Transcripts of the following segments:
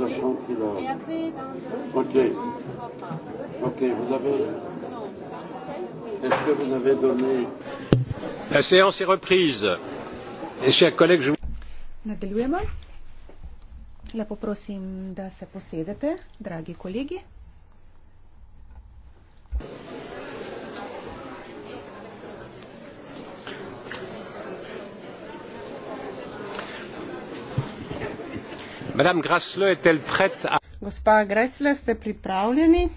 vous êtes tranquille. Hein. Ok. Ok, vous avez. Est-ce que vous avez donné. La séance est reprise. Et chers collègues, je vous. Nadaljujemo. Lepo prosim, da se posedete, dragi kolegi. Gospa Gresle, ste pripravljeni?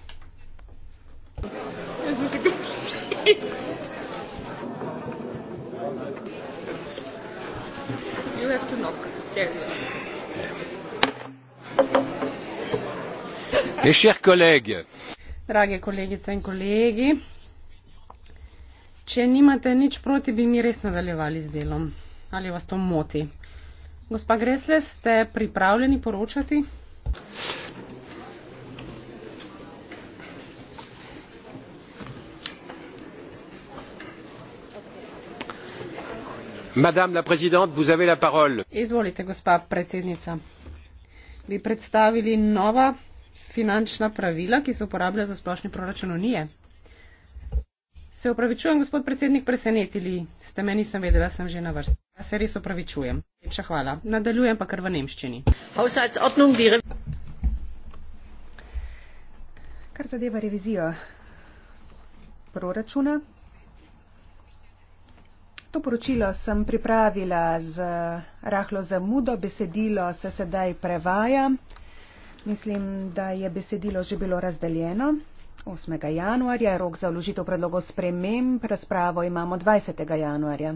Drage kolegice in kolegi, če nimate nič proti, bi mi res nadaljevali z delom. Ali vas to moti? Gospa Gresle, ste pripravljeni poročati? Madame la Présidente, vous avez la parole. Izvolite, gospa predsednica. Bi predstavili nova finančna pravila, ki se uporabljajo za splošni proračun Unije. Se opravičujem, gospod predsednik, presenetili ste me, nisem vedela, sem že na vrsti. Ja se res opravičujem. Lepša hvala. Nadaljujem pa kar v nemščini. Kar zadeva revizijo proračuna. To poročilo sem pripravila z rahlo zamudo, besedilo se sedaj prevaja. Mislim, da je besedilo že bilo razdeljeno. 8. januarja je rok za vložitev predlogov sprememb, razpravo imamo 20. januarja.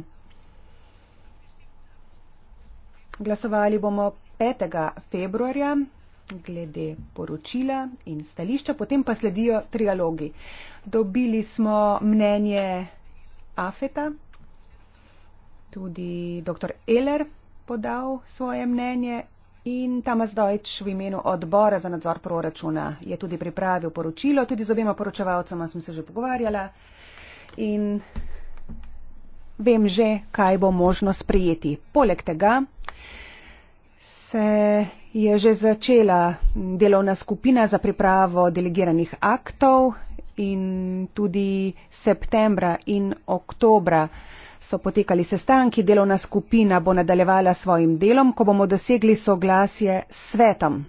Glasovali bomo 5. februarja glede poročila in stališča, potem pa sledijo trialogi. Dobili smo mnenje Afeta, tudi dr. Eler podal svoje mnenje In Tamas Dojč v imenu odbora za nadzor proračuna je tudi pripravil poročilo, tudi z obema poročevalcama sem se že pogovarjala in vem že, kaj bo možno sprijeti. Poleg tega se je že začela delovna skupina za pripravo delegiranih aktov in tudi septembra in oktobra so potekali sestanki, delovna skupina bo nadaljevala svojim delom, ko bomo dosegli soglasje s svetom.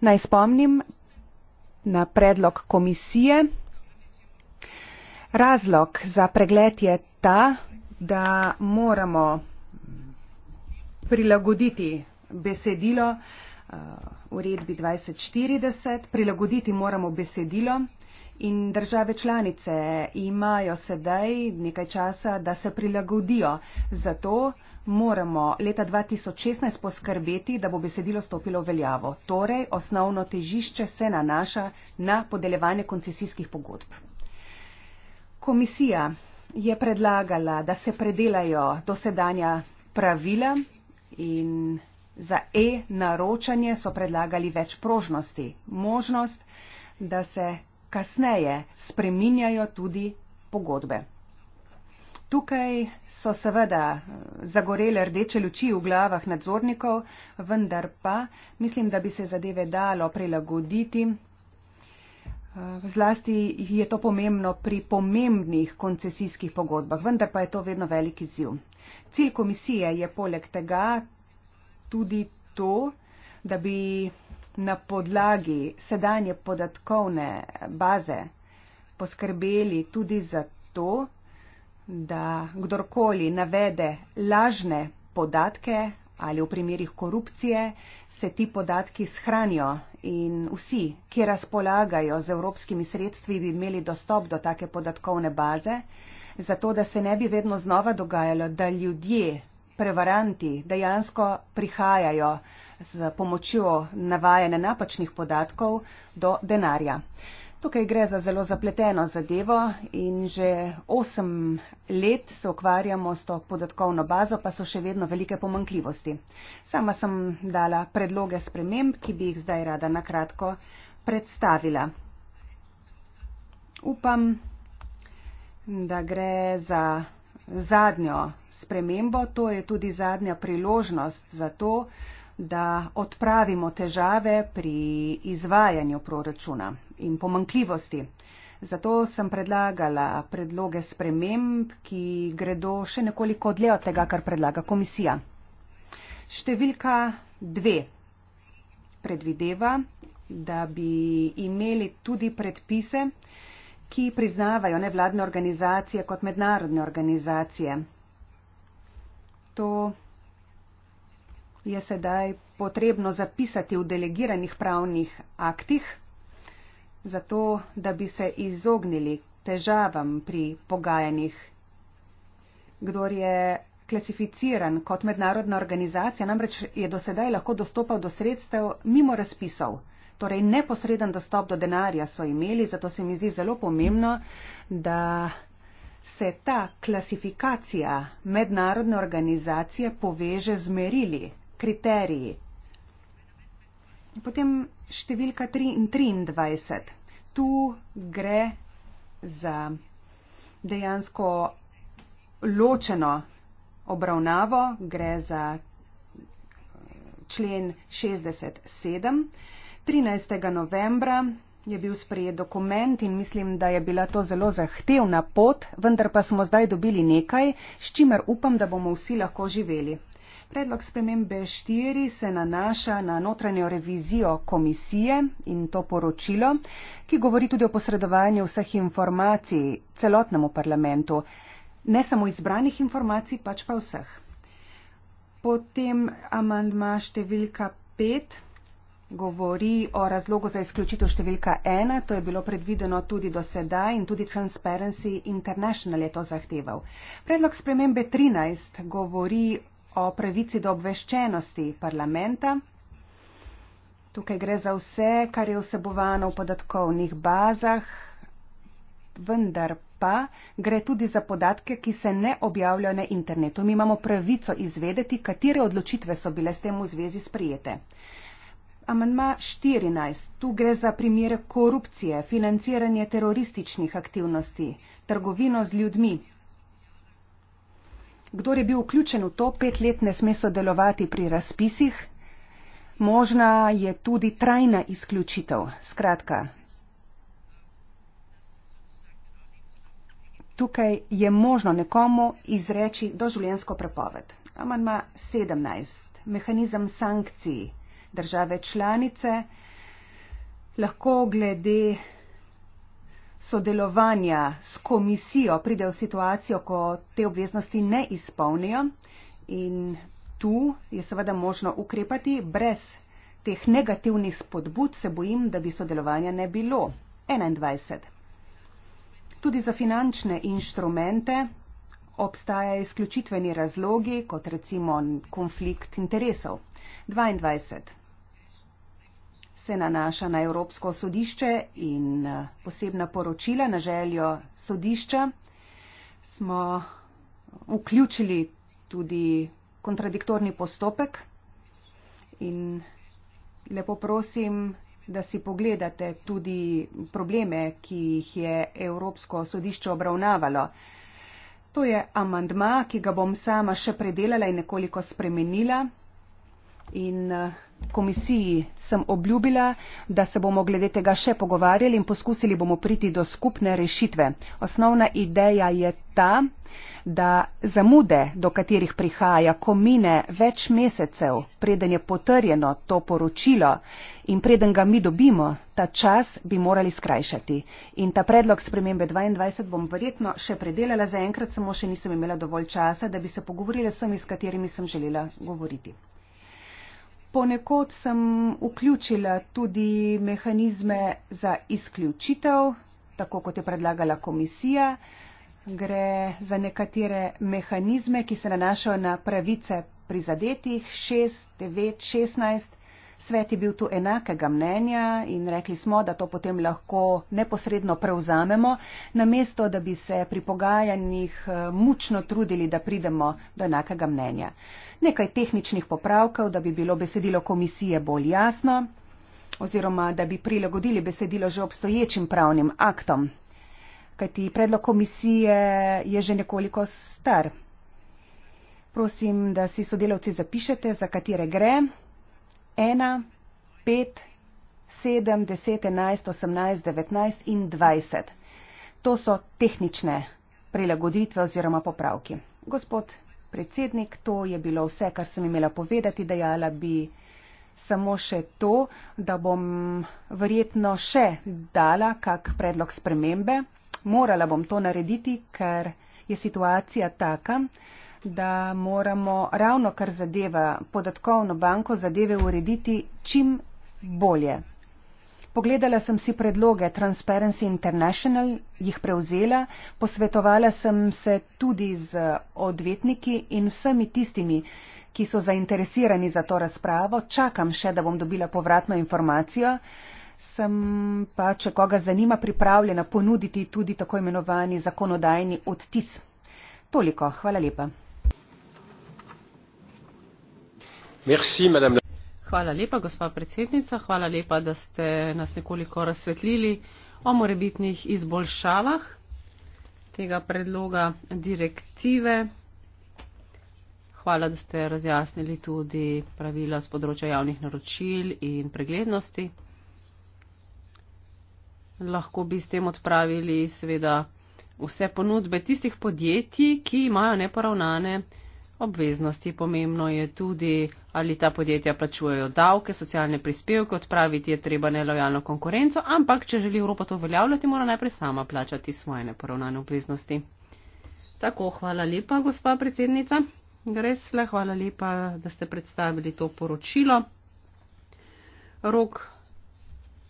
Naj spomnim na predlog komisije. Razlog za pregled je ta, da moramo prilagoditi besedilo eh, uredbi 2040, prilagoditi moramo besedilo, In države članice imajo sedaj nekaj časa, da se prilagodijo. Zato moramo leta 2016 poskrbeti, da bo besedilo stopilo v veljavo. Torej, osnovno težišče se nanaša na podeljevanje koncesijskih pogodb. Komisija je predlagala, da se predelajo dosedanja pravila in za e-naročanje so predlagali več prožnosti. Možnost, da se kasneje spreminjajo tudi pogodbe. Tukaj so seveda eh, zagorele rdeče luči v glavah nadzornikov, vendar pa mislim, da bi se zadeve dalo prilagoditi. Eh, zlasti je to pomembno pri pomembnih koncesijskih pogodbah, vendar pa je to vedno veliki ziv. Cilj komisije je poleg tega tudi to, da bi na podlagi sedanje podatkovne baze poskrbeli tudi za to, da kdorkoli navede lažne podatke ali v primerih korupcije, se ti podatki shranijo in vsi, ki razpolagajo z evropskimi sredstvi, bi imeli dostop do take podatkovne baze, zato da se ne bi vedno znova dogajalo, da ljudje, prevaranti, dejansko prihajajo z pomočjo navajanja napačnih podatkov do denarja. Tukaj gre za zelo zapleteno zadevo in že 8 let se ukvarjamo s to podatkovno bazo, pa so še vedno velike pomankljivosti. Sama sem dala predloge sprememb, ki bi jih zdaj rada nakratko predstavila. Upam, da gre za zadnjo spremembo, to je tudi zadnja priložnost za to, da odpravimo težave pri izvajanju proračuna in pomankljivosti. Zato sem predlagala predloge sprememb, ki gredo še nekoliko dlje od tega, kar predlaga komisija. Številka dve predvideva, da bi imeli tudi predpise, ki priznavajo nevladne organizacije kot mednarodne organizacije. To je sedaj potrebno zapisati v delegiranih pravnih aktih, zato da bi se izognili težavam pri pogajanjih. Kdor je klasificiran kot mednarodna organizacija, namreč je do sedaj lahko dostopal do sredstev mimo razpisov. Torej, neposreden dostop do denarja so imeli, zato se mi zdi zelo pomembno, da se ta klasifikacija mednarodne organizacije poveže z merili, kriteriji. Potem številka 23. Tu gre za dejansko ločeno obravnavo, gre za eh, člen 67. 13. novembra je bil sprejet dokument in mislim, da je bila to zelo zahtevna pot, vendar pa smo zdaj dobili nekaj, s čimer upam, da bomo vsi lahko živeli. Predlog spremembe 4 se nanaša na notranjo revizijo komisije in to poročilo, ki govori tudi o posredovanju vseh informacij celotnemu parlamentu, ne samo izbranih informacij, pač pa vseh. Potem amandma številka 5 govori o razlogu za izključitev številka 1, to je bilo predvideno tudi do sedaj in tudi Transparency International je to zahteval. Predlog spremembe 13 govori o pravici do obveščenosti parlamenta. Tukaj gre za vse, kar je vsebovano v podatkovnih bazah, vendar pa gre tudi za podatke, ki se ne objavljajo na internetu. Mi imamo pravico izvedeti, katere odločitve so bile s tem v zvezi sprijete. Amanma 14. Tu gre za primere korupcije, financiranje terorističnih aktivnosti, trgovino z ljudmi, kdor je bil vključen v to, pet let ne sme sodelovati pri razpisih, možna je tudi trajna izključitev. Skratka, tukaj je možno nekomu izreči doživljensko prepoved. Amandma 17. Mehanizem sankcij države članice lahko glede sodelovanja s komisijo pride v situacijo, ko te obveznosti ne izpolnijo in tu je seveda možno ukrepati brez teh negativnih spodbud, se bojim, da bi sodelovanja ne bilo. 21. Tudi za finančne inštrumente obstajajo izključitveni razlogi, kot recimo konflikt interesov. 22 se nanaša na Evropsko sodišče in eh, posebna poročila na željo sodišča. Smo vključili tudi kontradiktorni postopek in lepo prosim, da si pogledate tudi probleme, ki jih je Evropsko sodišče obravnavalo. To je amandma, ki ga bom sama še predelala in nekoliko spremenila. In uh, komisiji sem obljubila, da se bomo glede tega še pogovarjali in poskusili bomo priti do skupne rešitve. Osnovna ideja je ta, da zamude, do katerih prihaja, ko mine več mesecev, preden je potrjeno to poročilo in preden ga mi dobimo, ta čas bi morali skrajšati. In ta predlog spremembe 22 bom verjetno še predelala, zaenkrat samo še nisem imela dovolj časa, da bi se pogovorila s vsemi, s katerimi sem želela govoriti. Ponekod sem vključila tudi mehanizme za izključitev, tako kot je predlagala komisija. Gre za nekatere mehanizme, ki se nanašajo na pravice prizadetih 6, 9, 16. Svet je bil tu enakega mnenja in rekli smo, da to potem lahko neposredno prevzamemo, namesto da bi se pri pogajanjih eh, mučno trudili, da pridemo do enakega mnenja. Nekaj tehničnih popravkov, da bi bilo besedilo komisije bolj jasno oziroma da bi prilagodili besedilo že obstoječim pravnim aktom, kajti predlog komisije je že nekoliko star. Prosim, da si sodelavci zapišete, za katere gre ena, pet, sedem, deset, enajst, osemnajst, devetnajst in dvajset. To so tehnične prilagoditve oziroma popravki. Gospod predsednik, to je bilo vse, kar sem imela povedati, dejala bi samo še to, da bom verjetno še dala kak predlog spremembe. Morala bom to narediti, ker je situacija taka, da moramo ravno kar zadeva podatkovno banko zadeve urediti čim bolje. Pogledala sem si predloge Transparency International, jih prevzela, posvetovala sem se tudi z odvetniki in vsemi tistimi, ki so zainteresirani za to razpravo. Čakam še, da bom dobila povratno informacijo. Sem pa, če koga zanima, pripravljena ponuditi tudi tako imenovani zakonodajni odtis. Toliko. Hvala lepa. Merci, madame... Hvala lepa, gospa predsednica. Hvala lepa, da ste nas nekoliko razsvetlili o morebitnih izboljšavah tega predloga direktive. Hvala, da ste razjasnili tudi pravila z področja javnih naročil in preglednosti. Lahko bi s tem odpravili seveda vse ponudbe tistih podjetij, ki imajo neporavnane obveznosti. Pomembno je tudi, ali ta podjetja plačujejo davke, socialne prispevke, odpraviti je treba nelojalno konkurenco, ampak če želi Evropa to uveljavljati, mora najprej sama plačati svoje neporovnane obveznosti. Tako, hvala lepa, gospa predsednica. Gresle, hvala lepa, da ste predstavili to poročilo. Rok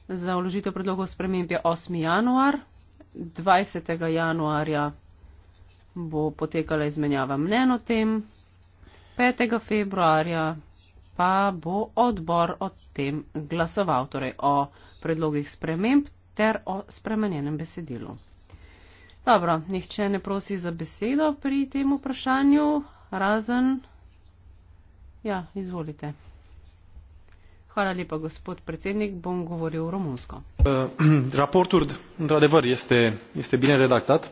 za uložitev predlogov sprememb je 8. januar. 20. januarja bo potekala izmenjava mnen o tem, 5. februarja pa bo odbor o tem glasoval, torej o predlogih sprememb ter o spremenjenem besedilu. Dobro, nihče ne prosi za besedo pri tem vprašanju, razen. Ja, izvolite. Hvala lepa, gospod predsednik, bom govoril romunsko. Uh, eh, raportur, într-adevăr, este, este bine redactat. Uh,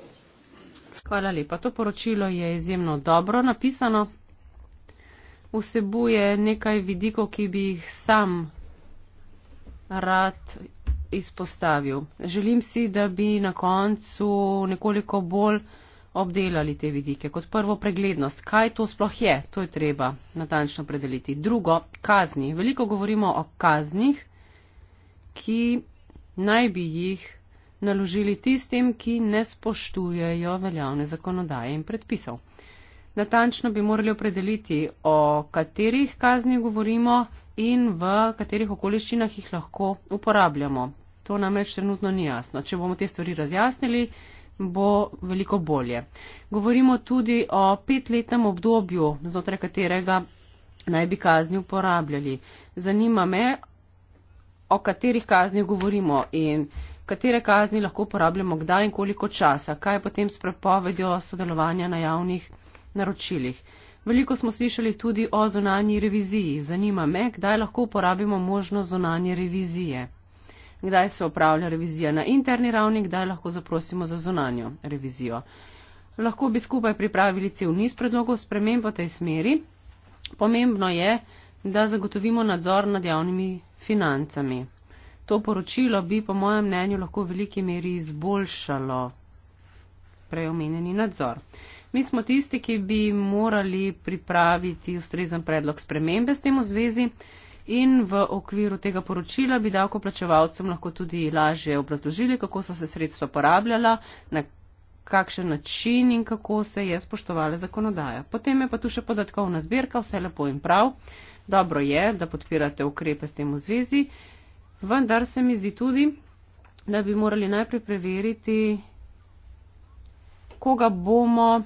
Hvala lepa. To poročilo je izjemno dobro napisano. Vsebuje nekaj vidikov, ki bi jih sam rad izpostavil. Želim si, da bi na koncu nekoliko bolj obdelali te vidike. Kot prvo, preglednost. Kaj to sploh je? To je treba natančno predeliti. Drugo, kazni. Veliko govorimo o kaznih, ki naj bi jih naložili tistim, ki ne spoštujejo veljavne zakonodaje in predpisov. Natančno bi morali opredeliti, o katerih kazni govorimo in v katerih okoliščinah jih lahko uporabljamo. To namreč trenutno ni jasno. Če bomo te stvari razjasnili, bo veliko bolje. Govorimo tudi o petletnem obdobju, znotraj katerega naj bi kazni uporabljali. Zanima me, o katerih kazni govorimo in katere kazni lahko uporabljamo kdaj in koliko časa, kaj je potem s prepovedjo sodelovanja na javnih naročilih. Veliko smo slišali tudi o zonanji reviziji. Zanima me, kdaj lahko uporabimo možnost zonanje revizije. Kdaj se opravlja revizija na interni ravni, kdaj lahko zaprosimo za zonanjo revizijo. Lahko bi skupaj pripravili cel niz predlogov sprememb v tej smeri. Pomembno je, da zagotovimo nadzor nad javnimi financami to poročilo bi, po mojem mnenju, lahko v veliki meri izboljšalo preomenjeni nadzor. Mi smo tisti, ki bi morali pripraviti ustrezen predlog spremembe s tem v zvezi in v okviru tega poročila bi davkoplačevalcem lahko tudi lažje obrazložili, kako so se sredstva porabljala, na kakšen način in kako se je spoštovala zakonodaja. Potem je pa tu še podatkovna zbirka, vse lepo in prav. Dobro je, da podpirate ukrepe s tem v zvezi Vendar se mi zdi tudi, da bi morali najprej preveriti, koga bomo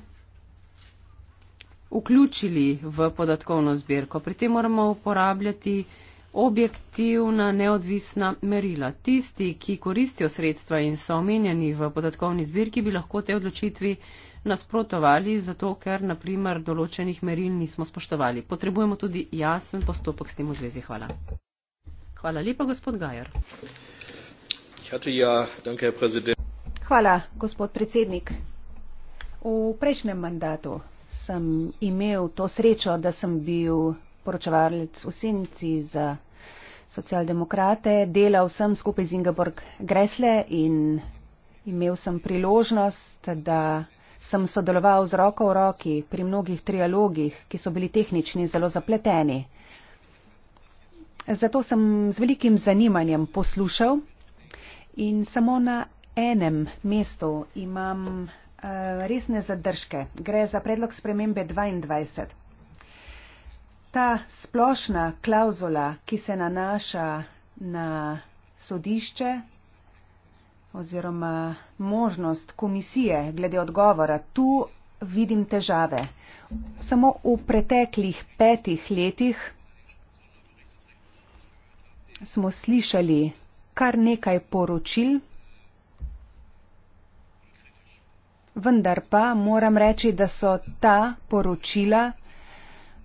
vključili v podatkovno zbirko. Pri tem moramo uporabljati objektivna, neodvisna merila. Tisti, ki koristijo sredstva in so omenjeni v podatkovni zbirki, bi lahko te odločitvi nasprotovali, zato ker naprimer določenih meril nismo spoštovali. Potrebujemo tudi jasen postopek s tem v zvezi. Hvala. Hvala lepa, gospod Gajer. Ja, Hvala, gospod predsednik. V prejšnjem mandatu sem imel to srečo, da sem bil poročevalec v Sinci za socialdemokrate, delal sem skupaj z Ingeborg Gresle in imel sem priložnost, da sem sodeloval z roko v roki pri mnogih trialogih, ki so bili tehnični zelo zapleteni. Zato sem z velikim zanimanjem poslušal in samo na enem mestu imam uh, resne zadržke. Gre za predlog spremembe 22. Ta splošna klauzula, ki se nanaša na sodišče oziroma možnost komisije glede odgovora, tu vidim težave. Samo v preteklih petih letih smo slišali kar nekaj poročil, vendar pa moram reči, da so ta poročila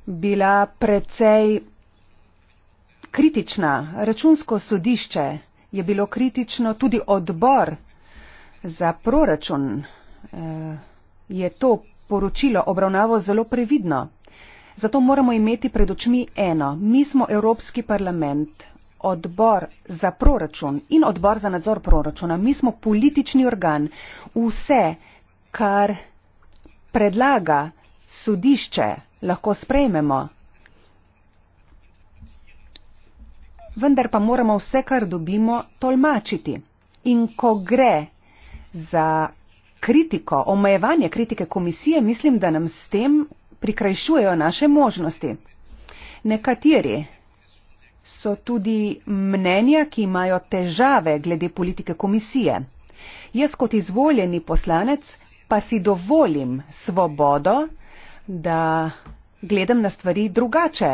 bila precej kritična. Računsko sodišče je bilo kritično, tudi odbor za proračun eh, je to poročilo obravnavo zelo previdno. Zato moramo imeti pred očmi eno. Mi smo Evropski parlament, odbor za proračun in odbor za nadzor proračuna. Mi smo politični organ. Vse, kar predlaga sodišče, lahko sprejmemo. Vendar pa moramo vse, kar dobimo, tolmačiti. In ko gre za kritiko, omejevanje kritike komisije, mislim, da nam s tem prikrajšujejo naše možnosti. Nekateri so tudi mnenja, ki imajo težave glede politike komisije. Jaz kot izvoljeni poslanec pa si dovolim svobodo, da gledam na stvari drugače,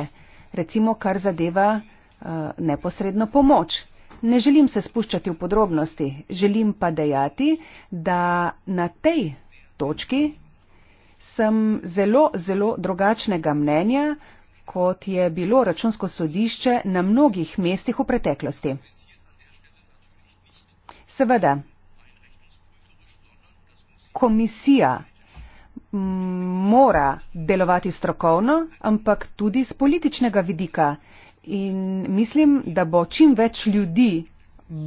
recimo kar zadeva uh, neposredno pomoč. Ne želim se spuščati v podrobnosti, želim pa dejati, da na tej točki sem zelo, zelo drugačnega mnenja, kot je bilo računsko sodišče na mnogih mestih v preteklosti. Seveda, komisija mora delovati strokovno, ampak tudi z političnega vidika. In mislim, da bo čim več ljudi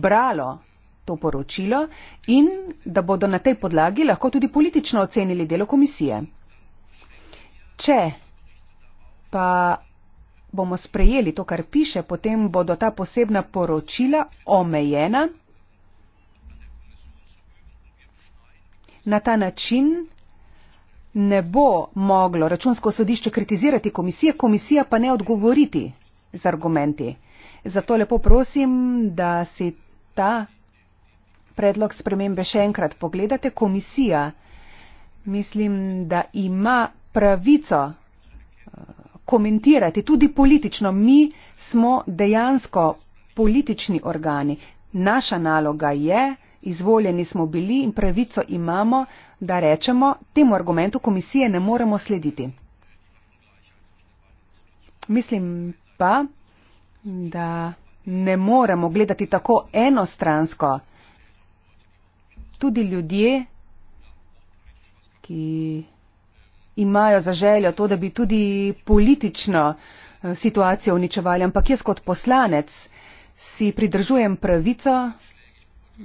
bralo to poročilo in da bodo na tej podlagi lahko tudi politično ocenili delo komisije če pa bomo sprejeli to, kar piše, potem bodo ta posebna poročila omejena na ta način. Ne bo moglo računsko sodišče kritizirati komisije, komisija pa ne odgovoriti z argumenti. Zato lepo prosim, da si ta predlog spremembe še enkrat pogledate. Komisija mislim, da ima pravico eh, komentirati, tudi politično. Mi smo dejansko politični organi. Naša naloga je, izvoljeni smo bili in pravico imamo, da rečemo, temu argumentu komisije ne moremo slediti. Mislim pa, da ne moremo gledati tako enostransko. Tudi ljudje, ki imajo za željo to, da bi tudi politično eh, situacijo uničevali, ampak jaz kot poslanec si pridržujem pravico,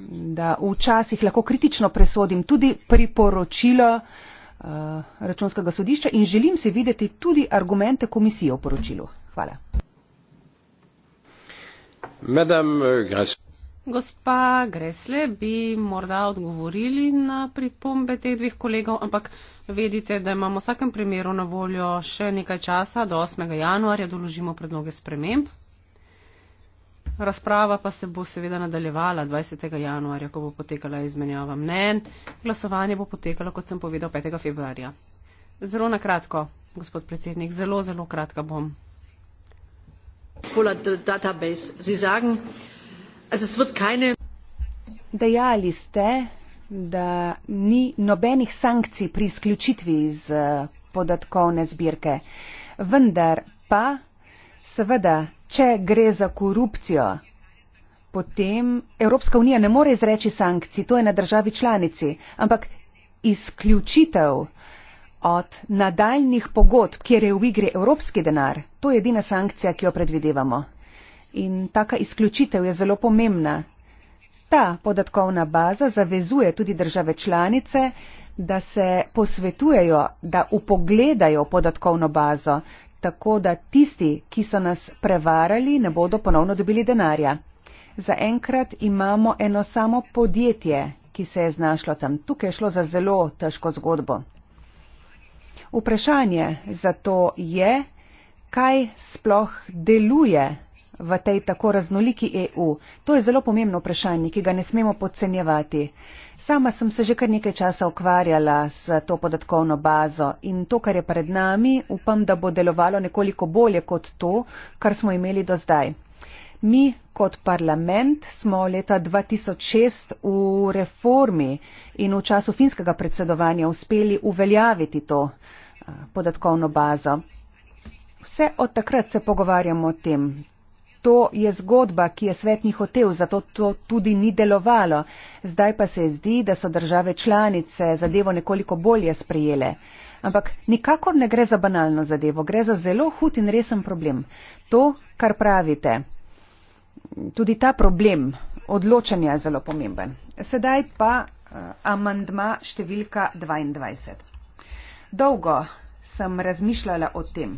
da včasih lahko kritično presodim tudi priporočilo uh, računskega sodišča in želim si videti tudi argumente komisije v poročilu. Hvala. Madame, uh, Gospa Gresle, bi morda odgovorili na pripombe teh dveh kolegov, ampak vedite, da imamo v vsakem primeru na voljo še nekaj časa, do 8. januarja doložimo predloge sprememb. Razprava pa se bo seveda nadaljevala 20. januarja, ko bo potekala izmenjava mnen. Glasovanje bo potekalo, kot sem povedal, 5. februarja. Zelo na kratko, gospod predsednik, zelo, zelo kratka bom. Pola database, Sie sagen, Dejali ste, da ni nobenih sankcij pri izključitvi iz eh, podatkovne zbirke. Vendar pa, seveda, če gre za korupcijo, potem Evropska unija ne more izreči sankcij, to je na državi članici, ampak izključitev od nadaljnih pogodb, kjer je v igri evropski denar, to je edina sankcija, ki jo predvidevamo in taka izključitev je zelo pomembna. Ta podatkovna baza zavezuje tudi države članice, da se posvetujejo, da upogledajo podatkovno bazo, tako da tisti, ki so nas prevarali, ne bodo ponovno dobili denarja. Zaenkrat imamo eno samo podjetje, ki se je znašlo tam. Tukaj je šlo za zelo težko zgodbo. Vprašanje zato je, kaj sploh deluje v tej tako raznoliki EU? To je zelo pomembno vprašanje, ki ga ne smemo podcenjevati. Sama sem se že kar nekaj časa ukvarjala s to podatkovno bazo in to, kar je pred nami, upam, da bo delovalo nekoliko bolje kot to, kar smo imeli do zdaj. Mi kot parlament smo leta 2006 v reformi in v času finskega predsedovanja uspeli uveljaviti to eh, podatkovno bazo. Vse od takrat se pogovarjamo o tem to je zgodba, ki je svet ni hotel, zato to tudi ni delovalo. Zdaj pa se zdi, da so države članice zadevo nekoliko bolje sprejele. Ampak nikakor ne gre za banalno zadevo, gre za zelo hud in resen problem. To, kar pravite, tudi ta problem odločanja je zelo pomemben. Sedaj pa uh, amandma številka 22. Dolgo sem razmišljala o tem.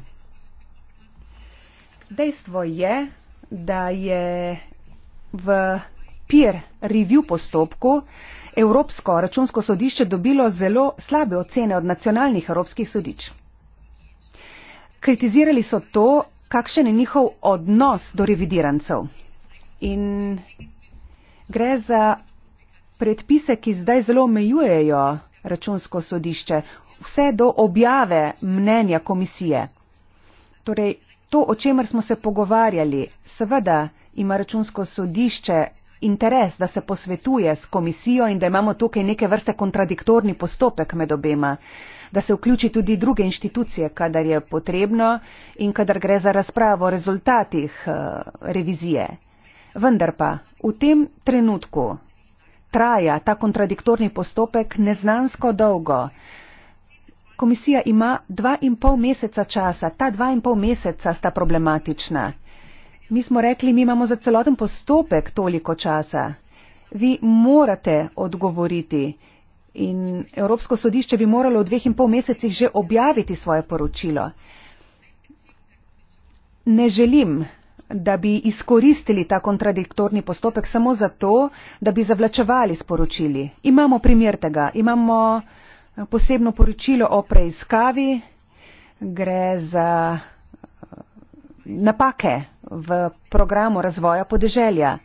Dejstvo je, da je v peer review postopku Evropsko računsko sodišče dobilo zelo slabe ocene od nacionalnih evropskih sodič. Kritizirali so to, kakšen je njihov odnos do revidirancev. In gre za predpise, ki zdaj zelo omejujejo računsko sodišče, vse do objave mnenja komisije. Torej, To, o čemer smo se pogovarjali, seveda ima računsko sodišče interes, da se posvetuje s komisijo in da imamo tukaj neke vrste kontradiktorni postopek med obema, da se vključi tudi druge inštitucije, kadar je potrebno in kadar gre za razpravo o rezultatih eh, revizije. Vendar pa v tem trenutku traja ta kontradiktorni postopek neznansko dolgo komisija ima dva in pol meseca časa. Ta dva in pol meseca sta problematična. Mi smo rekli, mi imamo za celoten postopek toliko časa. Vi morate odgovoriti in Evropsko sodišče bi moralo v dveh in pol mesecih že objaviti svoje poročilo. Ne želim, da bi izkoristili ta kontradiktorni postopek samo zato, da bi zavlačevali sporočili. Imamo primer tega. Imamo Eh, posebno poročilo o preiskavi. Gre za eh, napake v programu razvoja podeželja.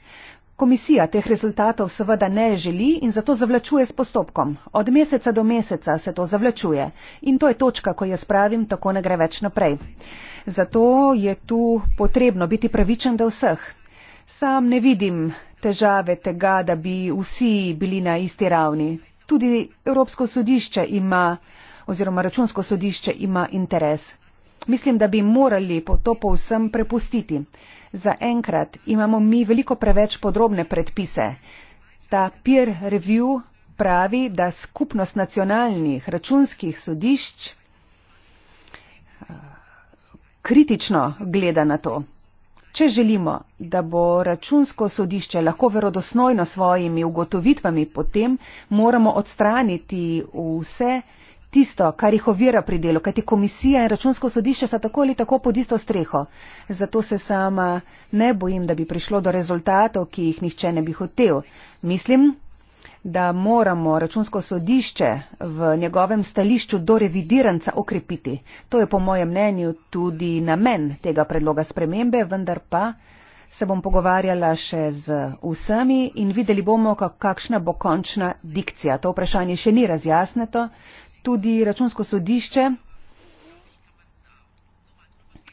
Komisija teh rezultatov seveda ne želi in zato zavlačuje s postopkom. Od meseca do meseca se to zavlačuje in to je točka, ko jaz pravim, tako ne gre več naprej. Zato je tu potrebno biti pravičen do vseh. Sam ne vidim težave tega, da bi vsi bili na isti ravni tudi Evropsko sodišče ima oziroma računsko sodišče ima interes. Mislim, da bi morali po to povsem prepustiti. Za enkrat imamo mi veliko preveč podrobne predpise. Ta peer review pravi, da skupnost nacionalnih računskih sodišč eh, kritično gleda na to. Če želimo, da bo računsko sodišče lahko verodosnojno svojimi ugotovitvami, potem moramo odstraniti vse tisto, kar jih ovira pri delu, kajti komisija in računsko sodišče sta tako ali tako pod isto streho. Zato se sama ne bojim, da bi prišlo do rezultatov, ki jih nihče ne bi hotel. Mislim, da moramo računsko sodišče v njegovem stališču do revidiranca okrepiti. To je po mojem mnenju tudi namen tega predloga spremembe, vendar pa se bom pogovarjala še z vsemi in videli bomo, kakšna bo končna dikcija. To vprašanje še ni razjasneto. Tudi računsko sodišče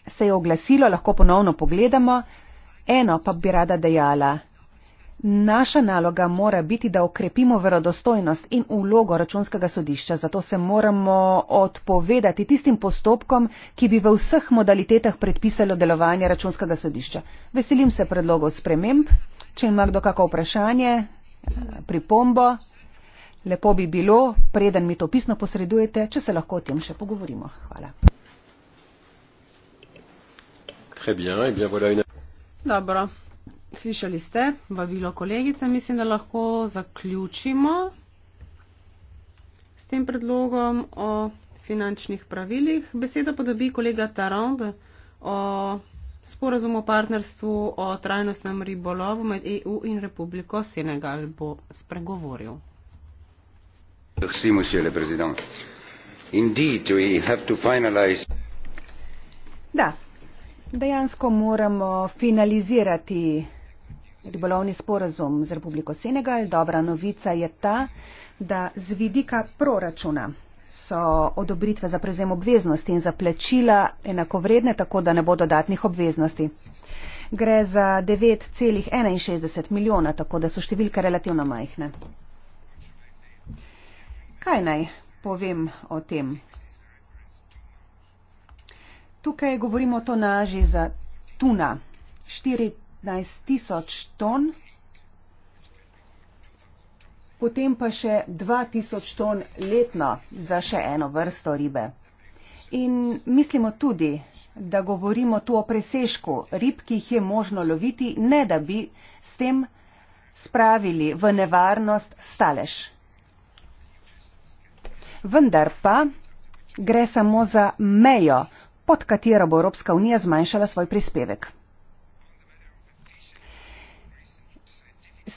se je oglasilo, lahko ponovno pogledamo. Eno pa bi rada dejala. Naša naloga mora biti, da okrepimo verodostojnost in ulogo računskega sodišča, zato se moramo odpovedati tistim postopkom, ki bi v vseh modalitetah predpisalo delovanje računskega sodišča. Veselim se predlogov sprememb. Če ima kdo kako vprašanje, eh, pripombo, lepo bi bilo, preden mi to pisno posredujete, če se lahko o tem še pogovorimo. Hvala. Eh Dobro slišali ste vabilo kolegice, mislim, da lahko zaključimo s tem predlogom o finančnih pravilih. Besedo pa dobi kolega Tarand o sporazumu o partnerstvu o trajnostnem ribolovu med EU in Republiko Senegal bo spregovoril. Indeed, we have to finalize. Da, dejansko moramo finalizirati ribolovni sporazum z Republiko Senegal. Dobra novica je ta, da z vidika proračuna so odobritve za prevzem obveznosti in za plačila enakovredne, tako da ne bo dodatnih obveznosti. Gre za 9,61 milijona, tako da so številke relativno majhne. Kaj naj povem o tem? Tukaj govorimo o tonaži za tuna. 4 15 tisoč ton, potem pa še 2000 ton letno za še eno vrsto ribe. In mislimo tudi, da govorimo tu o presežku rib, ki jih je možno loviti, ne da bi s tem spravili v nevarnost stalež. Vendar pa gre samo za mejo, pod katero bo Evropska unija zmanjšala svoj prispevek.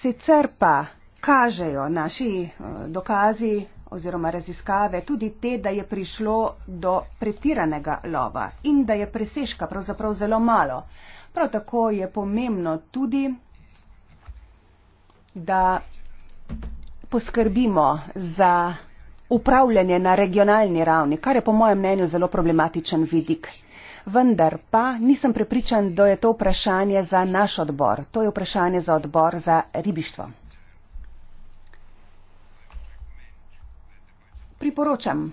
sicer pa kažejo naši eh, dokazi oziroma raziskave tudi te, da je prišlo do pretiranega lova in da je preseška pravzaprav zelo malo. Prav tako je pomembno tudi, da poskrbimo za upravljanje na regionalni ravni, kar je po mojem mnenju zelo problematičen vidik vendar pa nisem prepričan, da je to vprašanje za naš odbor. To je vprašanje za odbor za ribištvo. Priporočam,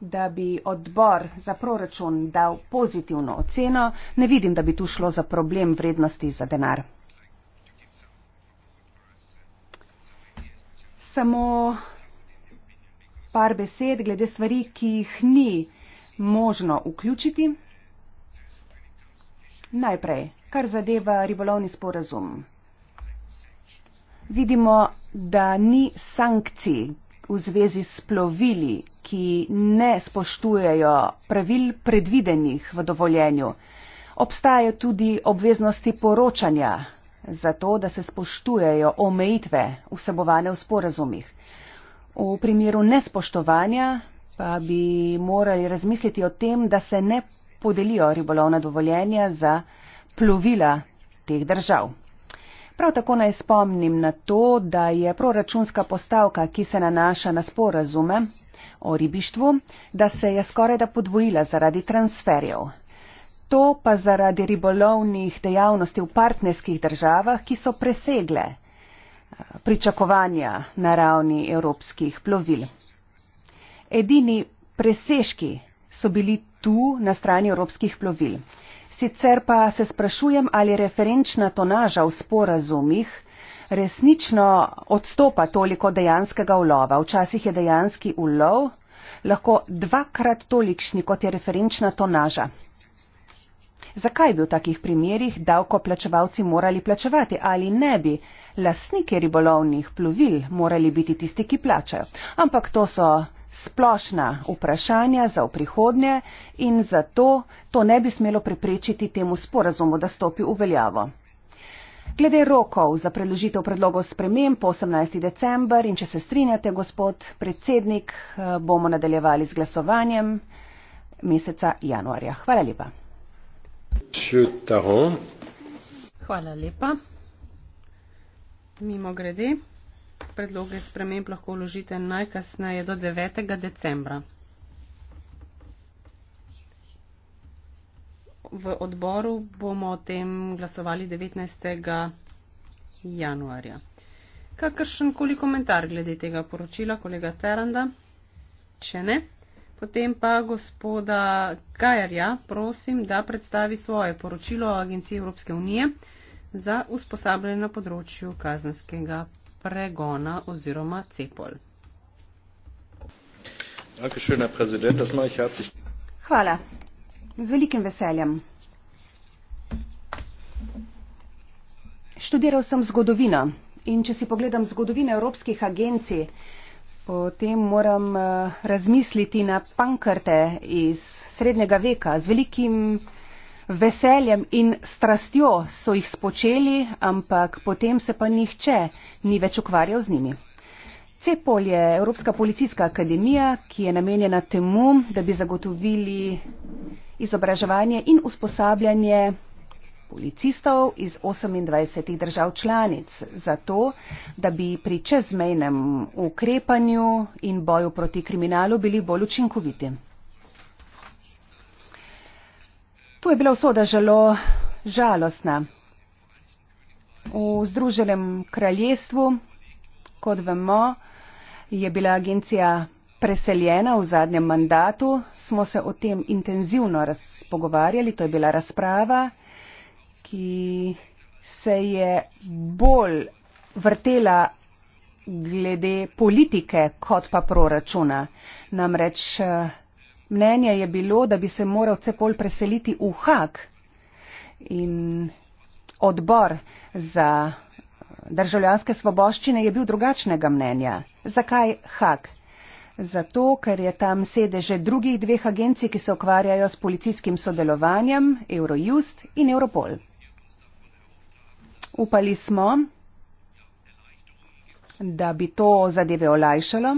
da bi odbor za proračun dal pozitivno oceno. Ne vidim, da bi tu šlo za problem vrednosti za denar. Samo par besed glede stvari, ki jih ni možno vključiti. Najprej, kar zadeva ribolovni sporazum. Vidimo, da ni sankcij v zvezi s plovili, ki ne spoštujejo pravil predvidenih v dovoljenju. Obstajajo tudi obveznosti poročanja za to, da se spoštujejo omejitve vsebovane v sporazumih. V primeru nespoštovanja pa bi morali razmisliti o tem, da se ne podelijo ribolovna dovoljenja za plovila teh držav. Prav tako naj spomnim na to, da je proračunska postavka, ki se nanaša na sporazume o ribištvu, da se je skorajda podvojila zaradi transferjev. To pa zaradi ribolovnih dejavnosti v partnerskih državah, ki so presegle eh, pričakovanja na ravni evropskih plovil. Edini presežki so bili tu na strani evropskih plovil. Sicer pa se sprašujem, ali referenčna tonaža v sporazumih resnično odstopa toliko dejanskega ulova. Včasih je dejanski ulov lahko dvakrat tolikšni, kot je referenčna tonaža. Zakaj bi v takih primerjih davkoplačevalci morali plačevati ali ne bi lasnike ribolovnih plovil morali biti tisti, ki plačajo? Ampak to so splošna vprašanja za v prihodnje in zato to ne bi smelo preprečiti temu sporazumu, da stopi v veljavo. Glede rokov za predložitev predlogov sprememb 18. december in če se strinjate, gospod predsednik, eh, bomo nadaljevali z glasovanjem meseca januarja. Hvala lepa. Hvala lepa. Mimo grede predloge sprememb lahko vložite najkasneje do 9. decembra. V odboru bomo o tem glasovali 19. januarja. Kakršen koli komentar glede tega poročila, kolega Teranda? Če ne, potem pa gospoda Kajerja prosim, da predstavi svoje poročilo Agencije Evropske unije za usposabljanje na področju kazanskega pregona oziroma cepol. Hvala. Z velikim veseljem. Študiral sem zgodovino in če si pogledam zgodovine evropskih agencij, potem moram eh, razmisliti na pankrte iz srednjega veka z velikim veseljem veseljem in strastjo so jih spočeli, ampak potem se pa nihče ni več ukvarjal z njimi. CEPOL je Evropska policijska akademija, ki je namenjena temu, da bi zagotovili izobraževanje in usposabljanje policistov iz 28 držav članic, zato da bi pri čezmejnem ukrepanju in boju proti kriminalu bili bolj učinkoviti. To je bila usoda žalo žalostna. V Združenem kraljestvu, kot vemo, je bila agencija preseljena v zadnjem mandatu. Smo se o tem intenzivno razpogovarjali. To je bila razprava, ki se je bolj vrtela glede politike kot pa proračuna. Namreč mnenje je bilo, da bi se moral Cepol preseliti v Hak in odbor za državljanske svoboščine je bil drugačnega mnenja. Zakaj Hak? Zato, ker je tam sedeže drugih dveh agencij, ki se ukvarjajo s policijskim sodelovanjem, Eurojust in Europol. Upali smo, da bi to zadeve olajšalo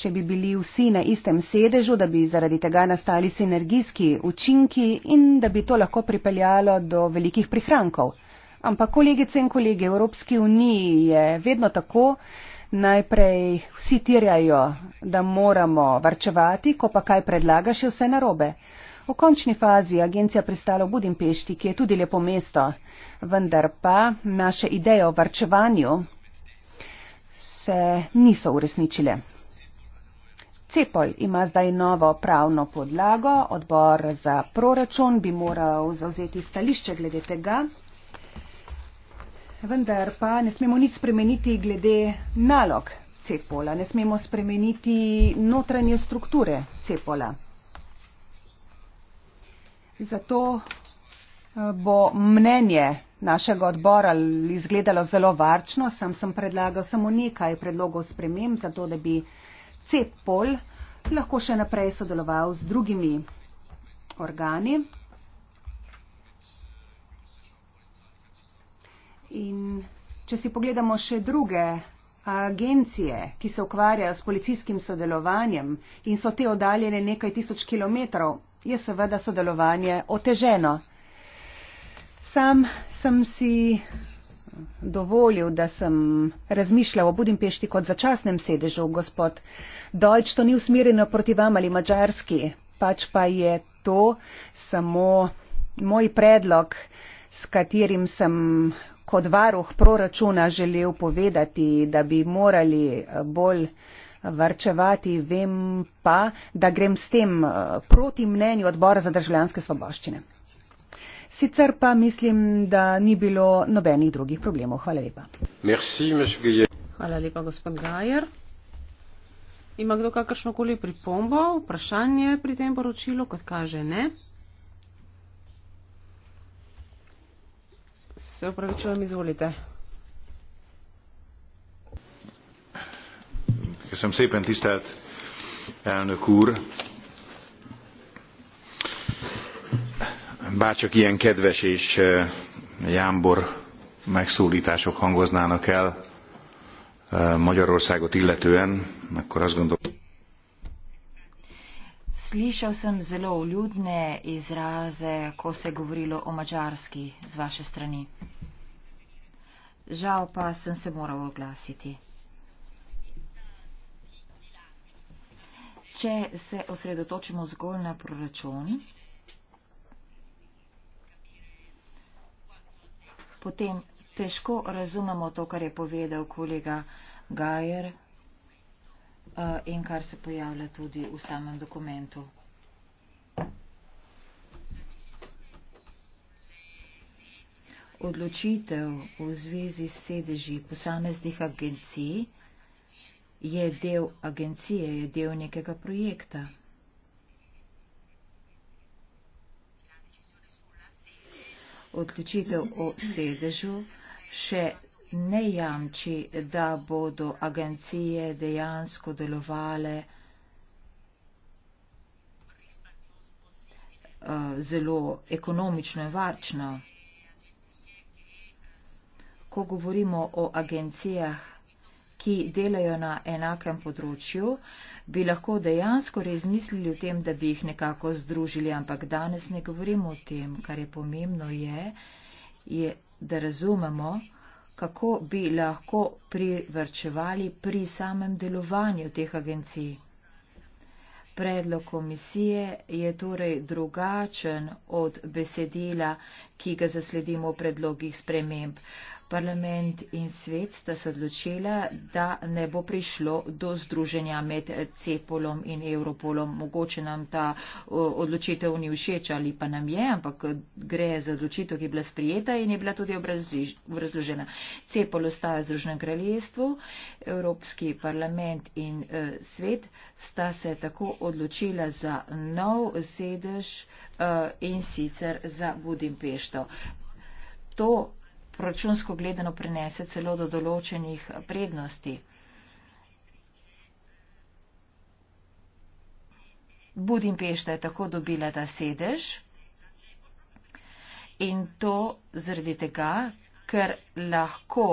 če bi bili vsi na istem sedežu, da bi zaradi tega nastali sinergijski učinki in da bi to lahko pripeljalo do velikih prihrankov. Ampak kolegice in kolege, v Evropski uniji je vedno tako, najprej vsi tirjajo, da moramo varčevati, ko pa kaj predlaga še vse narobe. V končni fazi je agencija pristala v Budimpešti, ki je tudi lepo mesto, vendar pa naše ideje o varčevanju se niso uresničile. Cepol ima zdaj novo pravno podlago, odbor za proračun bi moral zauzeti stališče glede tega, vendar pa ne smemo nič spremeniti glede nalog Cepola, ne smemo spremeniti notranje strukture Cepola. Zato eh, bo mnenje našega odbora izgledalo zelo varčno, sam sem predlagal samo nekaj predlogov spremem, zato da bi Cepol lahko še naprej sodeloval z drugimi organi. In če si pogledamo še druge agencije, ki se ukvarjajo s policijskim sodelovanjem in so te oddaljene nekaj tisoč kilometrov, je seveda sodelovanje oteženo. Sam sem si dovolil, da sem razmišljal o Budimpešti kot začasnem sedežu, gospod Deutsch, to ni usmerjeno proti vam ali mačarski, pač pa je to samo moj predlog, s katerim sem kot varuh proračuna želel povedati, da bi morali eh, bolj varčevati, vem pa, da grem s tem eh, proti mnenju odbora za državljanske svoboščine. Sicer pa mislim, da ni bilo nobenih drugih problemov. Hvala lepa. Merci, Hvala lepa, gospod Gajer. Ima kdo kakršno koli pripombo, vprašanje pri tem poročilu, kot kaže ne? Se upravičujem, izvolite. Ker sem sepen tiste, da je na kur. bárcsak ilyen kedves és jámbor megszólítások hangoznának el Magyarországot illetően, akkor azt gondolom... Slišal sem zelo vljudne izraze, ko se je govorilo o mačarski z vaše strani. Žal pa sem se moral oglasiti. Če se osredotočimo zgolj na proračun, potem težko razumemo to, kar je povedal kolega Gajer eh, in kar se pojavlja tudi v samem dokumentu. Odločitev v zvezi s sedeži posameznih agencij je del agencije, je del nekega projekta. odločitev o sedežu še ne jamči, da bodo agencije dejansko delovale eh, zelo ekonomično in varčno. Ko govorimo o agencijah, ki delajo na enakem področju, bi lahko dejansko razmislili o tem, da bi jih nekako združili, ampak danes ne govorimo o tem, kar je pomembno je, je da razumemo, kako bi lahko privrčevali pri samem delovanju teh agencij. Predlog komisije je torej drugačen od besedila, ki ga zasledimo v predlogih sprememb. Uh, Parlament in svet sta se odločila, da ne bo prišlo do združenja med Cepolom in Europolom. Mogoče nam ta odločitev ni všeč ali pa nam je, ampak gre za odločitev, ki je bila sprijeta in je bila tudi obrazložena. Cepol ostaja v Združenem kraljestvu, Evropski parlament in e, svet sta se tako odločila za nov sedež e, in sicer za Budimpešto. To proračunsko gledano prenese celo do določenih prednosti. Budimpešta je tako dobila ta sedež in to zaradi tega, ker lahko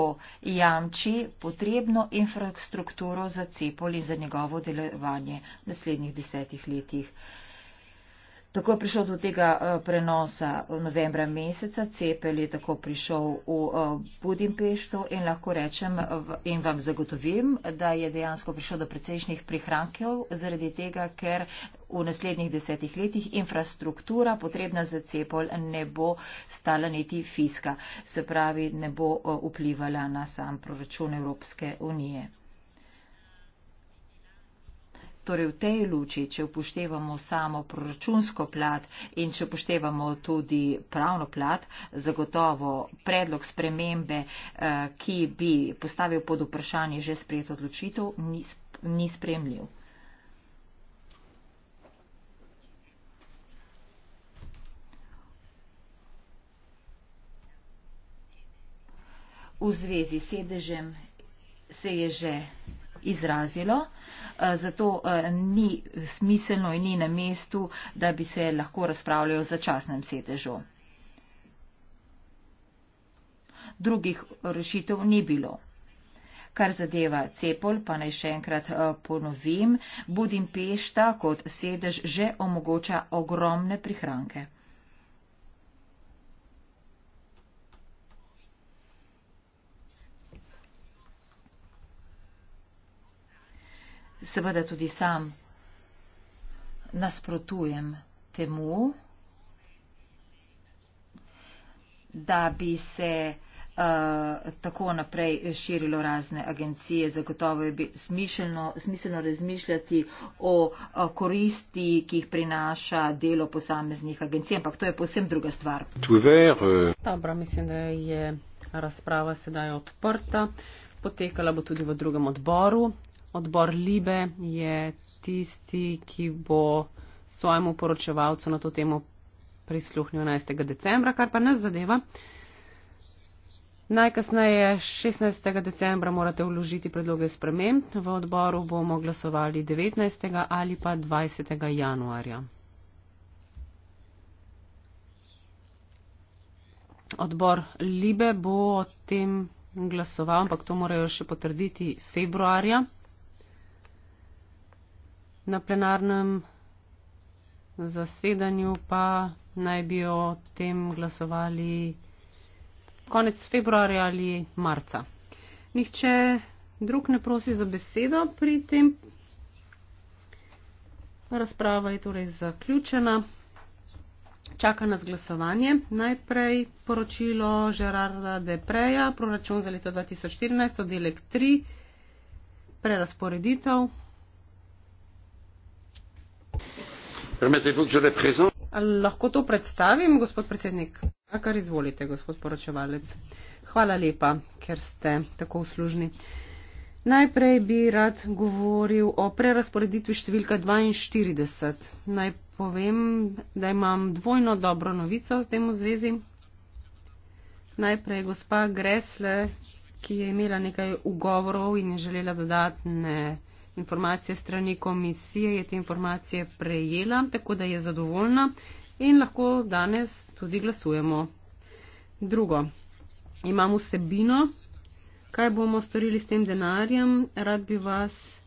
jamči potrebno infrastrukturo za Cepol in za njegovo delovanje v naslednjih desetih letih. Tako je prišel do tega eh, prenosa novembra meseca, cepel je tako prišel v eh, Budimpešto in lahko rečem eh, in vam zagotovim, da je dejansko prišel do precejšnjih prihrankov zaradi tega, ker v naslednjih desetih letih infrastruktura potrebna za cepol ne bo stala niti fiska, se pravi ne bo vplivala na sam proračun Evropske unije. Torej v tej luči, če upoštevamo samo proračunsko plat in če upoštevamo tudi pravno plat, zagotovo predlog spremembe, eh, ki bi postavil pod vprašanje že sprejeto odločitev, ni spremljiv. V zvezi s sedežem se je že izrazilo. Eh, zato eh, ni smiselno in ni na mestu, da bi se lahko razpravljali o začasnem sedežu. Drugih rešitev ni bilo. Kar zadeva Cepol, pa naj še enkrat eh, ponovim, Budimpešta kot sedež že omogoča ogromne prihranke. seveda tudi sam nasprotujem temu, da bi se uh, tako naprej širilo razne agencije. Zagotovo je smiselno, smiselno razmišljati o uh, koristi, ki jih prinaša delo posameznih agencij, ampak to je posebno druga stvar. Euh. Dobro, mislim, da je razprava sedaj odprta. Potekala bo tudi v drugem odboru. Odbor Libe je tisti, ki bo svojemu poročevalcu na to temo prisluhnil 11. decembra, kar pa nas zadeva. Najkasneje 16. decembra morate vložiti predloge sprememb. V odboru bomo glasovali 19. ali pa 20. januarja. Odbor Libe bo o tem glasoval, ampak to morajo še potrditi februarja na plenarnem zasedanju pa naj bi o tem glasovali konec februarja ali marca. Nihče drug ne prosi za besedo pri tem. Razprava je torej zaključena. Čaka nas glasovanje. Najprej poročilo Žerarda Depreja, proračun za leto 2014, oddelek 3, prerasporeditev. Lahko to predstavim, gospod predsednik? Kar izvolite, gospod poročevalec. Hvala lepa, ker ste tako uslužni. Najprej bi rad govoril o prerasporeditvi številka 42. Naj povem, da imam dvojno dobro novico s tem v zvezi. Najprej gospa Gresle, ki je imela nekaj ugovorov in je želela dodatne informacije strani komisije, je te informacije prejela, tako da je zadovoljna in lahko danes tudi glasujemo. Drugo, imamo vsebino, kaj bomo storili s tem denarjem, rad bi vas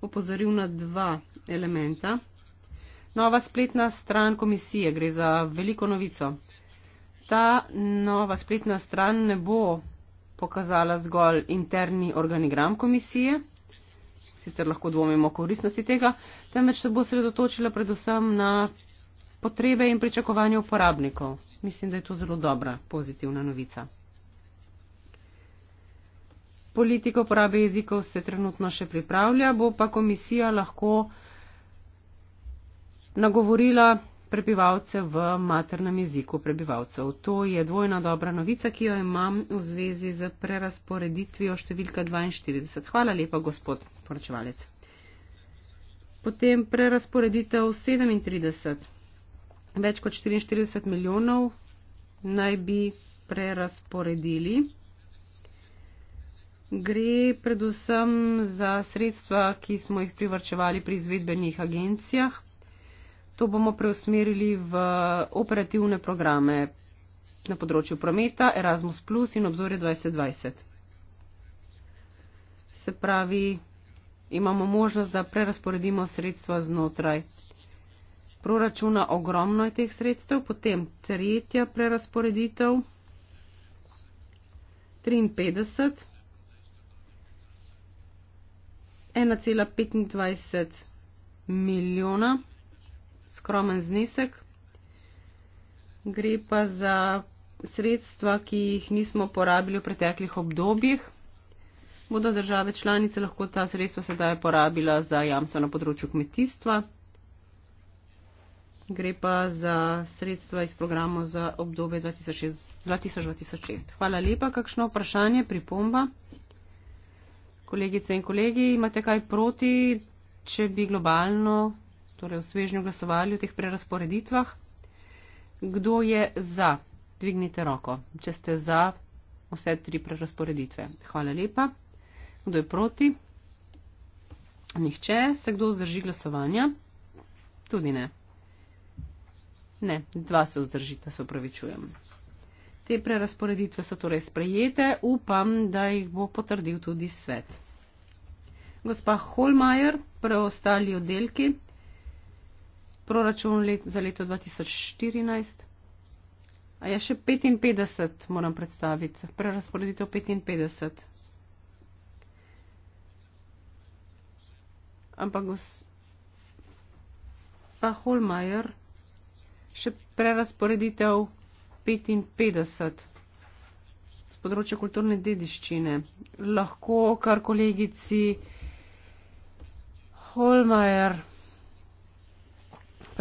opozoril na dva elementa. Nova spletna stran komisije gre za veliko novico. Ta nova spletna stran ne bo pokazala zgolj interni organigram komisije, sicer lahko dvomimo o koristnosti tega, temveč se bo sredotočila predvsem na potrebe in pričakovanje uporabnikov. Mislim, da je to zelo dobra, pozitivna novica. Politika uporabe jezikov se trenutno še pripravlja, bo pa komisija lahko nagovorila prebivalce v maternem jeziku prebivalcev. To je dvojna dobra novica, ki jo imam v zvezi z prerasporeditvijo številka 42. Hvala lepa, gospod poročevalec. Potem prerasporeditev 37. Več kot 44 milijonov naj bi prerasporedili. Gre predvsem za sredstva, ki smo jih privrčevali pri izvedbenih agencijah, to bomo preusmerili v operativne programe na področju prometa, Erasmus Plus in obzorje 2020. Se pravi, imamo možnost, da prerasporedimo sredstva znotraj proračuna, ogromno je teh sredstev, potem tretja prerasporeditev, 53, 1,25 milijona skromen znesek. Gre pa za sredstva, ki jih nismo porabili v preteklih obdobjih. Bodo države članice lahko ta sredstva sedaj porabila za jamstva na področju kmetijstva. Gre pa za sredstva iz programa za obdobje 2000-2006. Hvala lepa. Kakšno vprašanje, pripomba? Kolegice in kolegi, imate kaj proti, če bi globalno torej v svežnju glasovali o teh prerasporeditvah. Kdo je za? Dvignite roko, če ste za vse tri prerasporeditve. Hvala lepa. Kdo je proti? Nihče. Se kdo vzdrži glasovanja? Tudi ne. Ne, dva se vzdržite, se upravičujem. Te prerasporeditve so torej sprejete, upam, da jih bo potrdil tudi svet. Gospa Holmajer, preostali oddelki proračun let, za leto 2014. A je ja, še 55, moram predstaviti, prerasporeditev 55. Ampak gos... pa Holmajer, še prerasporeditev 55 z področja kulturne dediščine. Lahko kar kolegici Holmajer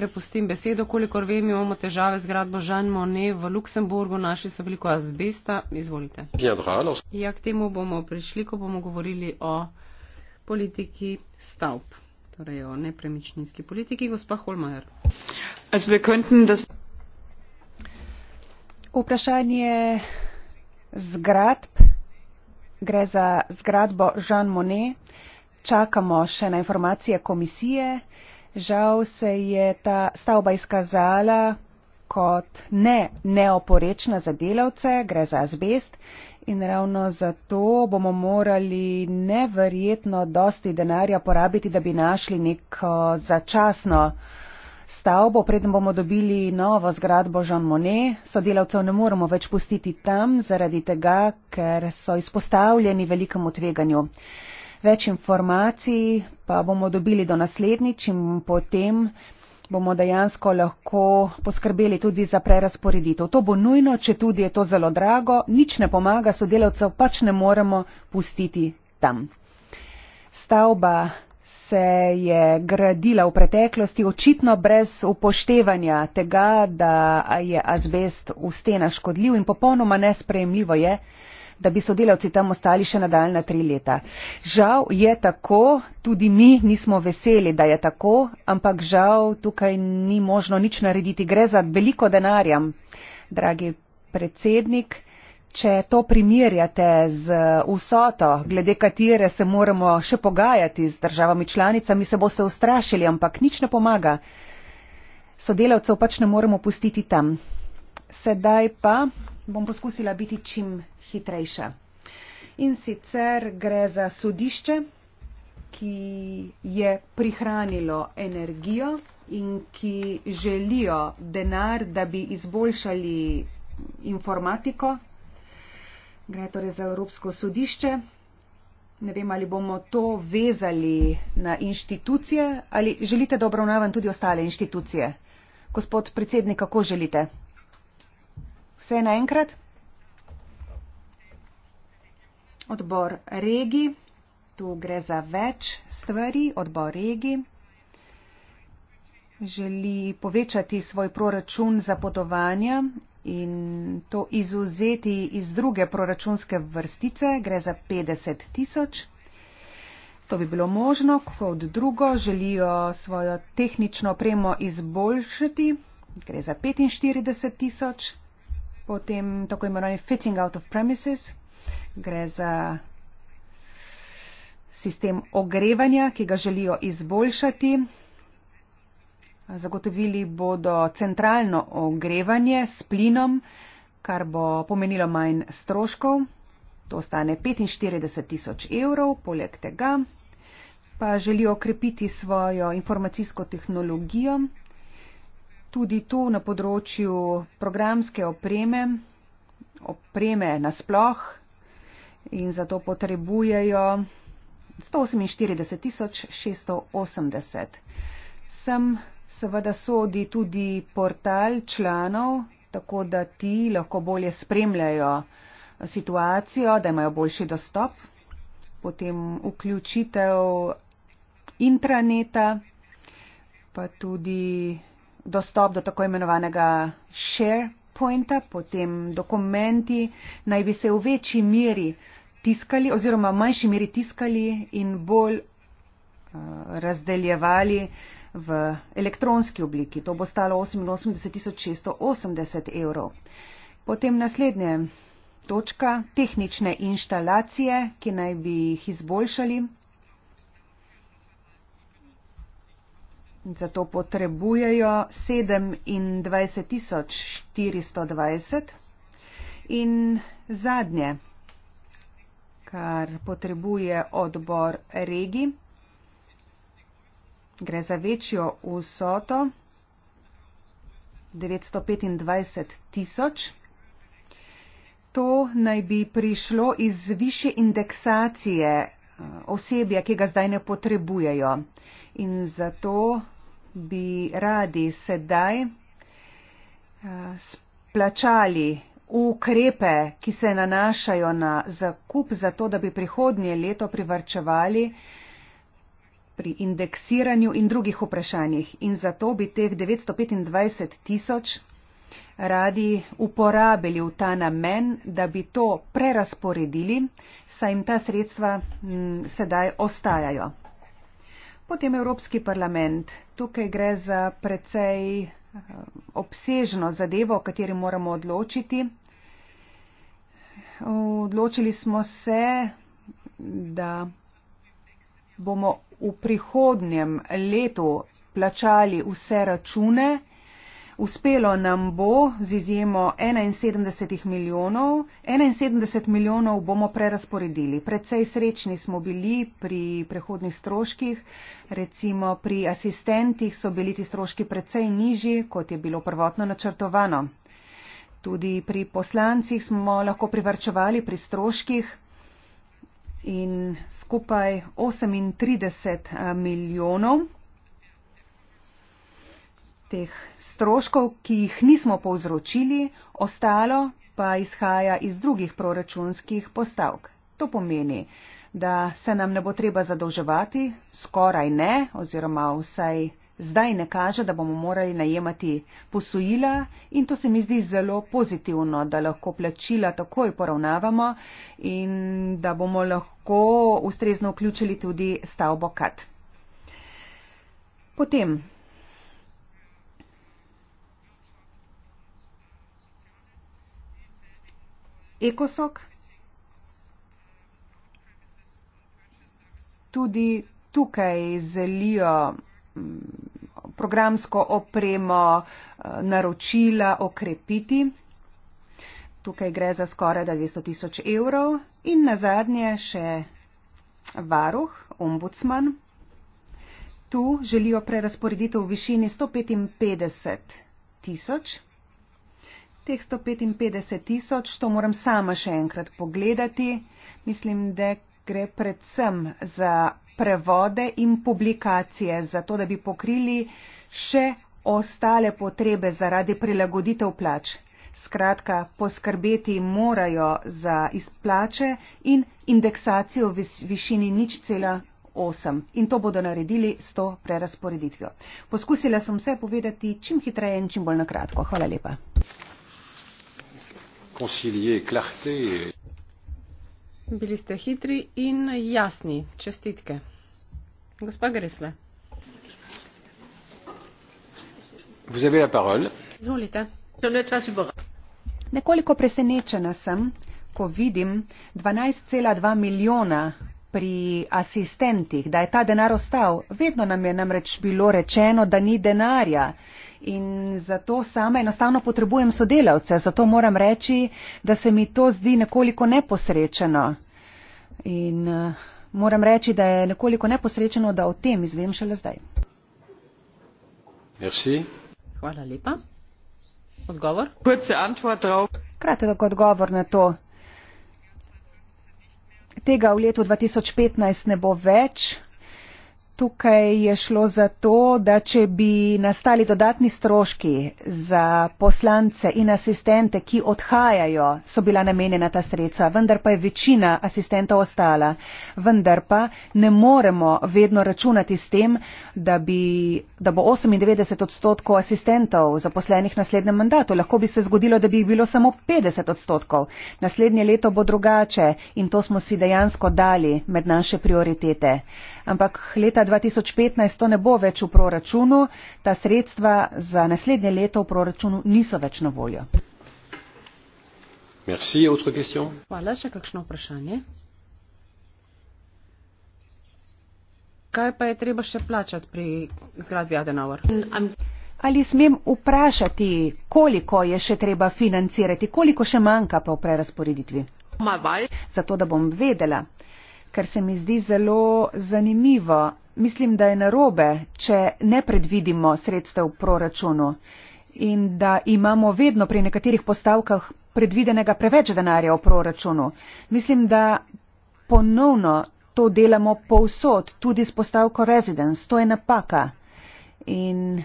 prepustim besedo, kolikor vem, imamo težave z gradbo Žan Mone v Luksemburgu, našli so veliko azbesta, izvolite. Ja, k temu bomo prišli, ko bomo govorili o politiki stavb, torej o nepremičninski politiki, gospa Holmajer. Vprašanje zgradb, gre za zgradbo Žan Mone, čakamo še na informacije komisije. Žal se je ta stavba izkazala kot ne neoporečna za delavce, gre za azbest in ravno zato bomo morali neverjetno dosti denarja porabiti, da bi našli neko začasno stavbo, preden bomo dobili novo zgradbo Jean Monnet. Sodelavcev ne moremo več pustiti tam, zaradi tega, ker so izpostavljeni velikemu tveganju. Več informacij pa bomo dobili do naslednjič in potem bomo dejansko lahko poskrbeli tudi za prerasporeditev. To bo nujno, če tudi je to zelo drago, nič ne pomaga, sodelavcev pač ne moremo pustiti tam. Stavba se je gradila v preteklosti očitno brez upoštevanja tega, da je azbest v stena škodljiv in popolnoma nespremljivo je, da bi sodelavci tam ostali še nadaljna tri leta. Žal je tako, tudi mi nismo veseli, da je tako, ampak žal tukaj ni možno nič narediti. Gre za veliko denarja, dragi predsednik. Če to primerjate z vsoto, glede katere se moramo še pogajati z državami članicami, se boste ustrašili, ampak nič ne pomaga. Sodelavcev pač ne moremo pustiti tam. Sedaj pa bom poskusila biti čim hitrejša. In sicer gre za sodišče, ki je prihranilo energijo in ki želijo denar, da bi izboljšali informatiko. Gre torej za Evropsko sodišče. Ne vem, ali bomo to vezali na inštitucije ali želite, da obravnavam tudi ostale inštitucije. Gospod predsednik, kako želite? Vse naenkrat. Odbor regi, tu gre za več stvari, odbor regi želi povečati svoj proračun za potovanja in to izuzeti iz druge proračunske vrstice, gre za 50 tisoč. To bi bilo možno, kot drugo želijo svojo tehnično opremo izboljšati, gre za 45 tisoč potem tako imenovani fitting out of premises, gre za sistem ogrevanja, ki ga želijo izboljšati. Zagotovili bodo centralno ogrevanje s plinom, kar bo pomenilo manj stroškov. To stane 45 tisoč evrov. Poleg tega pa želijo okrepiti svojo informacijsko tehnologijo tudi tu na področju programske opreme, opreme nasploh in zato potrebujejo 148 680. Sem seveda sodi tudi portal članov, tako da ti lahko bolje spremljajo situacijo, da imajo boljši dostop, potem vključitev intraneta, pa tudi dostop do tako imenovanega SharePointa, potem dokumenti naj bi se v večji meri tiskali oziroma v manjši meri tiskali in bolj uh, razdeljevali v elektronski obliki. To bo stalo 88.680 evrov. Potem naslednje točka, tehnične inštalacije, ki naj bi jih izboljšali. Zato potrebujejo 27.420. In zadnje, kar potrebuje odbor regi, gre za večjo vsoto 925.000. To naj bi prišlo iz više indeksacije eh, osebja, ki ga zdaj ne potrebujejo. In zato bi radi sedaj eh, splačali ukrepe, ki se nanašajo na zakup, zato da bi prihodnje leto privrčevali pri indeksiranju in drugih vprašanjih. In zato bi teh 925 tisoč radi uporabili v ta namen, da bi to prerasporedili, saj jim ta sredstva m, mm, sedaj ostajajo. Potem Evropski parlament. Tukaj gre za precej eh, obsežno zadevo, o kateri moramo odločiti. Odločili smo se, da bomo v prihodnjem letu plačali vse račune. Uspelo nam bo z izjemo 71 milijonov. 71 milijonov bomo prerasporedili. Predvsej srečni smo bili pri prehodnih stroških. Recimo pri asistentih so bili ti stroški predvsej nižji, kot je bilo prvotno načrtovano. Tudi pri poslancih smo lahko privrčevali pri stroških in skupaj 38 eh, milijonov teh stroškov, ki jih nismo povzročili, ostalo pa izhaja iz drugih proračunskih postavk. To pomeni, da se nam ne bo treba zadolževati, skoraj ne, oziroma vsaj zdaj ne kaže, da bomo morali najemati posojila in to se mi zdi zelo pozitivno, da lahko plačila takoj poravnavamo in da bomo lahko ustrezno vključili tudi stavbo kat. Potem Ekosok. Tudi tukaj zelijo mm, programsko opremo, eh, naročila okrepiti. Tukaj gre za skoraj 200 tisoč evrov. In na zadnje še varuh, ombudsman. Tu želijo prerasporeditev v višini 155 tisoč teh 155 tisoč, to moram sama še enkrat pogledati. Mislim, da gre predvsem za prevode in publikacije, zato da bi pokrili še ostale potrebe zaradi prilagoditev plač. Skratka, poskrbeti morajo za izplače in indeksacijo v višini nič cela. 8. In to bodo naredili s to prerasporeditvijo. Poskusila sem vse povedati čim hitreje in čim bolj na kratko. Hvala lepa concilier clarté et Bili ste hitri in jasni. Čestitke. Gospa Gresle. Vous avez la parole. Zvolite. Nekoliko presenečena sem, ko vidim 12,2 milijona pri asistentih, da je ta denar ostal. Vedno nam je namreč bilo rečeno, da ni denarja in zato sama enostavno potrebujem sodelavce. Zato moram reči, da se mi to zdi nekoliko neposrečeno. In uh, moram reči, da je nekoliko neposrečeno, da o tem izvem šele zdaj. Merci. Hvala lepa. Odgovor? Kratek odgovor na to. Kratek odgovor na to. Tega v letu 2015 ne bo več tukaj je šlo za to, da če bi nastali dodatni stroški za poslance in asistente, ki odhajajo, so bila namenjena ta sredstva, vendar pa je večina asistentov ostala. Vendar pa ne moremo vedno računati s tem, da, bi, da bo 98 odstotkov asistentov zaposlenih v naslednjem mandatu. Lahko bi se zgodilo, da bi jih bilo samo 50 odstotkov. Naslednje leto bo drugače in to smo si dejansko dali med naše prioritete ampak leta 2015 to ne bo več v proračunu, ta sredstva za naslednje leto v proračunu niso več na voljo. Merci, Hvala, še kakšno vprašanje? Kaj pa je treba še plačati pri zgradbi Adenauer? Ali smem vprašati, koliko je še treba financirati, koliko še manjka pa v prerasporeditvi? Zato, da bom vedela kar se mi zdi zelo zanimivo. Mislim, da je narobe, če ne predvidimo sredstev v proračunu in da imamo vedno pri nekaterih postavkah predvidenega preveč denarja v proračunu. Mislim, da ponovno to delamo povsod, tudi s postavko Residence. To je napaka. In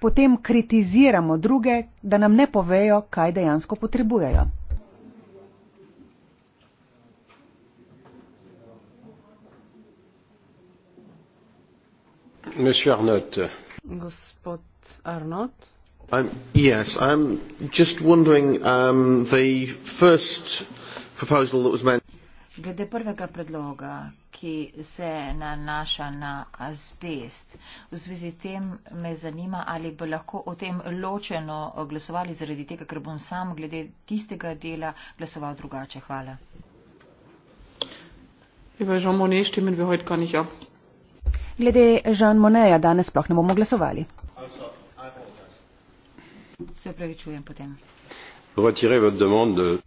potem kritiziramo druge, da nam ne povejo, kaj dejansko potrebujejo. Gospod Arnott. Um, yes, I'm just wondering um, the first proposal that was meant. Glede prvega predloga, ki se nanaša na azbest, v zvezi s tem me zanima, ali bi lahko o tem ločeno glasovali, zaradi tega, ker bom sam glede tistega dela glasoval drugače. Hvala. Ich weiß schon mal nicht, stimmen wir heute gar nicht ab. Glede Žan Moneja danes sploh ne bomo glasovali. Se pravičujem potem.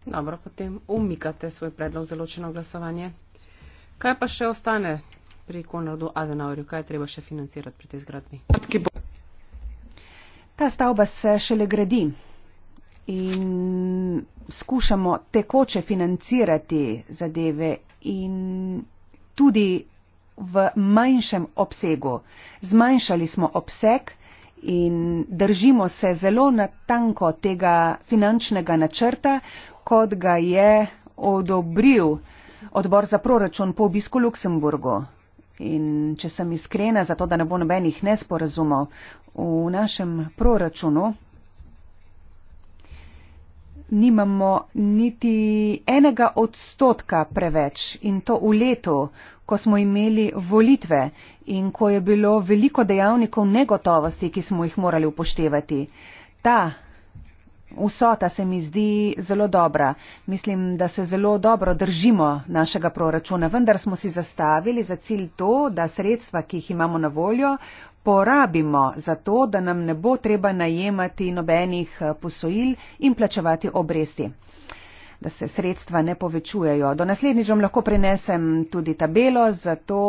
Dobro, potem umikate svoj predlog za ločeno glasovanje. Kaj pa še ostane pri Konradu Adenauerju? Kaj je treba še financirati pri tej zgradbi? Ta stavba se šele gradi in skušamo tekoče financirati zadeve in tudi v manjšem obsegu. Zmanjšali smo obseg in držimo se zelo natanko tega finančnega načrta, kot ga je odobril odbor za proračun po obisku Luksemburgu. In če sem iskrena, zato da ne bo nobenih nesporazumov, v našem proračunu nimamo niti enega odstotka preveč in to v letu, ko smo imeli volitve in ko je bilo veliko dejavnikov negotovosti, ki smo jih morali upoštevati. Ta vsota se mi zdi zelo dobra. Mislim, da se zelo dobro držimo našega proračuna, vendar smo si zastavili za cilj to, da sredstva, ki jih imamo na voljo, porabimo za to, da nam ne bo treba najemati nobenih eh, posojil in plačevati obresti da se sredstva ne povečujejo. Do naslednjič vam lahko prenesem tudi tabelo, zato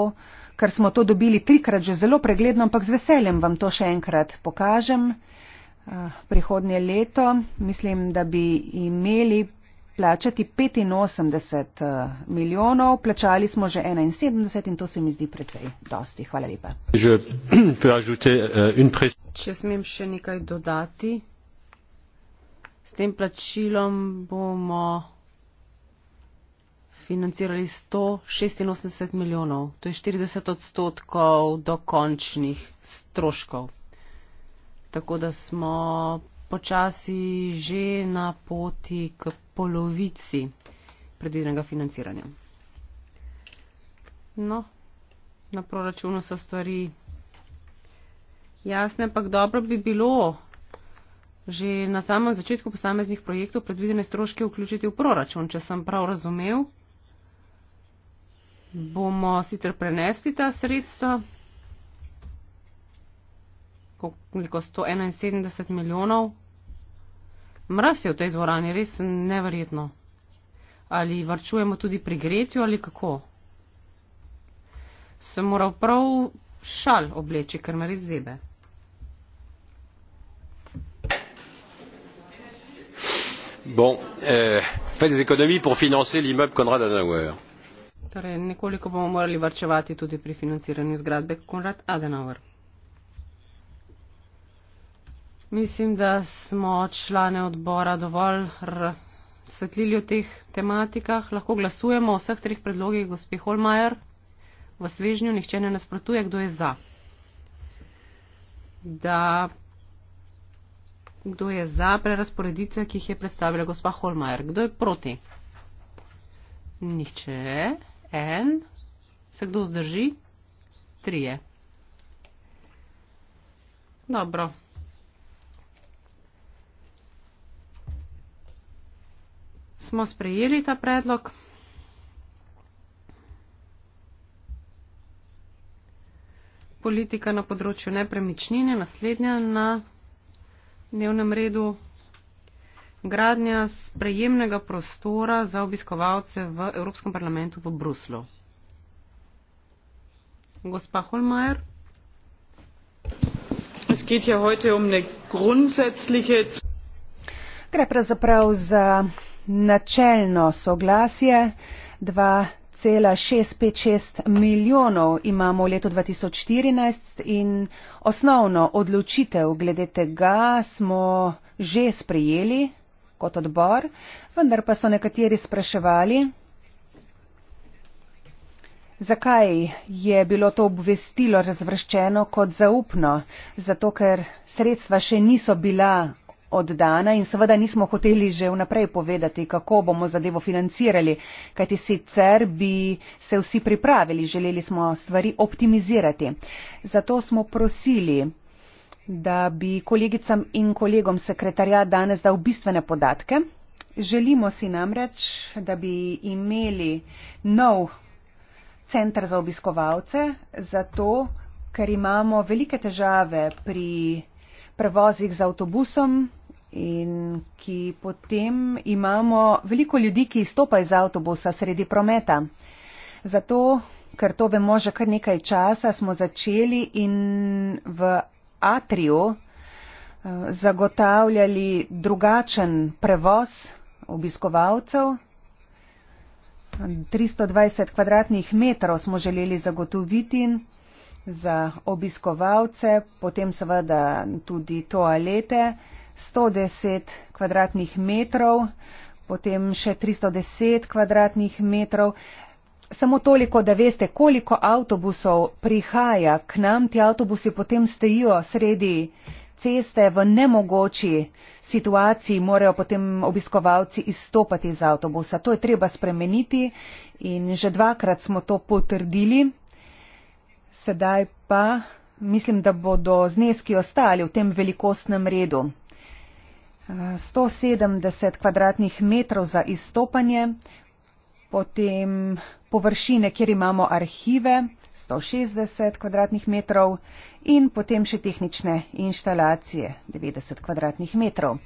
ker smo to dobili trikrat že zelo pregledno, ampak z veseljem vam to še enkrat pokažem. Eh, prihodnje leto mislim, da bi imeli plačati 85 eh, milijonov, plačali smo že 71 in to se mi zdi precej dosti. Hvala lepa. Euh, Če smem še nekaj dodati, s tem plačilom bomo financirali 186 milijonov, to je 40 odstotkov dokončnih stroškov. Tako da smo počasi že na poti k polovici predvidenega financiranja. No, na proračunu so stvari jasne, ampak dobro bi bilo že na samem začetku posameznih projektov predvidene stroške vključiti v proračun. Če sem prav razumel, bomo sicer prenesli ta sredstva koliko 171 milijonov. Mraz je v tej dvorani, res neverjetno. Ali varčujemo tudi pri gretju ali kako? Sem moral prav šal obleči, ker me res zebe. Bon, eh, faites économie pour financer l'immeuble Konrad Adenauer. Torej, nekoliko bomo morali varčevati tudi pri financiranju zgradbe Konrad Adenauer. Mislim, da smo člane odbora dovolj svetlili o teh tematikah. Lahko glasujemo o vseh treh predlogih, gospe Holmajer. V svežnju nihče ne nasprotuje, kdo je za. Da, kdo je za prerasporeditve, ki jih je predstavila gospa Holmajer. Kdo je proti? Nihče. En. Se kdo zdrži? Trije. Dobro. smo sprejeli ta predlog. Politika na področju nepremičnine, naslednja na dnevnem redu, gradnja sprejemnega prostora za obiskovalce v Evropskem parlamentu v Bruslu. Gospa Holmajer. Um Gre pravzaprav za načelno soglasje. 2,656 milijonov imamo v letu 2014 in osnovno odločitev glede tega smo že sprejeli kot odbor, vendar pa so nekateri spraševali, zakaj je bilo to obvestilo razvrščeno kot zaupno, zato ker sredstva še niso bila oddana in seveda nismo hoteli že vnaprej povedati, kako bomo zadevo financirali, kajti sicer bi se vsi pripravili, želeli smo stvari optimizirati. Zato smo prosili, da bi kolegicam in kolegom sekretarja danes dal bistvene podatke. Želimo si namreč, da bi imeli nov centr za obiskovalce, zato ker imamo velike težave pri prevozih z avtobusom, in ki potem imamo veliko ljudi, ki izstopajo iz avtobusa sredi prometa. Zato, ker to vemo že kar nekaj časa, smo začeli in v atriju eh, zagotavljali drugačen prevoz obiskovalcev. 320 kvadratnih metrov smo želeli zagotoviti za obiskovalce, potem seveda tudi toalete, 110 kvadratnih metrov, potem še 310 kvadratnih metrov. Samo toliko, da veste, koliko avtobusov prihaja k nam, ti avtobusi potem stejijo sredi ceste v nemogoči situaciji, morajo potem obiskovalci izstopati iz avtobusa. To je treba spremeniti in že dvakrat smo to potrdili. Sedaj pa mislim, da bodo zneski ostali v tem velikostnem redu. 170 kvadratnih metrov za izstopanje, potem površine, kjer imamo arhive, 160 kvadratnih metrov in potem še tehnične inštalacije, 90 kvadratnih metrov.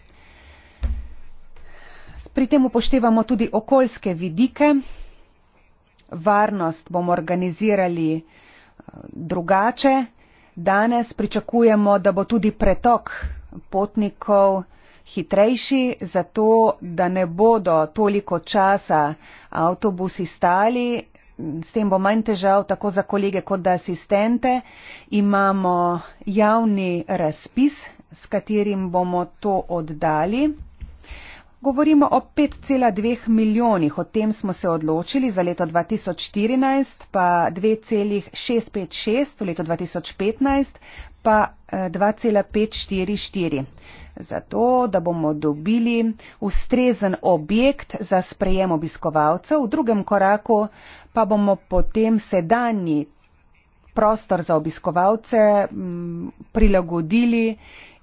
Pri tem upoštevamo tudi okoljske vidike. Varnost bomo organizirali eh, drugače. Danes pričakujemo, da bo tudi pretok potnikov hitrejši, zato da ne bodo toliko časa avtobusi stali. S tem bo manj težav tako za kolege kot za asistente. Imamo javni razpis, s katerim bomo to oddali. Govorimo o 5,2 milijonih, o tem smo se odločili za leto 2014, pa 2,656 v leto 2015, pa 2,544. Eh, Zato, da bomo dobili ustrezen objekt za sprejem obiskovalcev, v drugem koraku pa bomo potem sedanji prostor za obiskovalce mm, prilagodili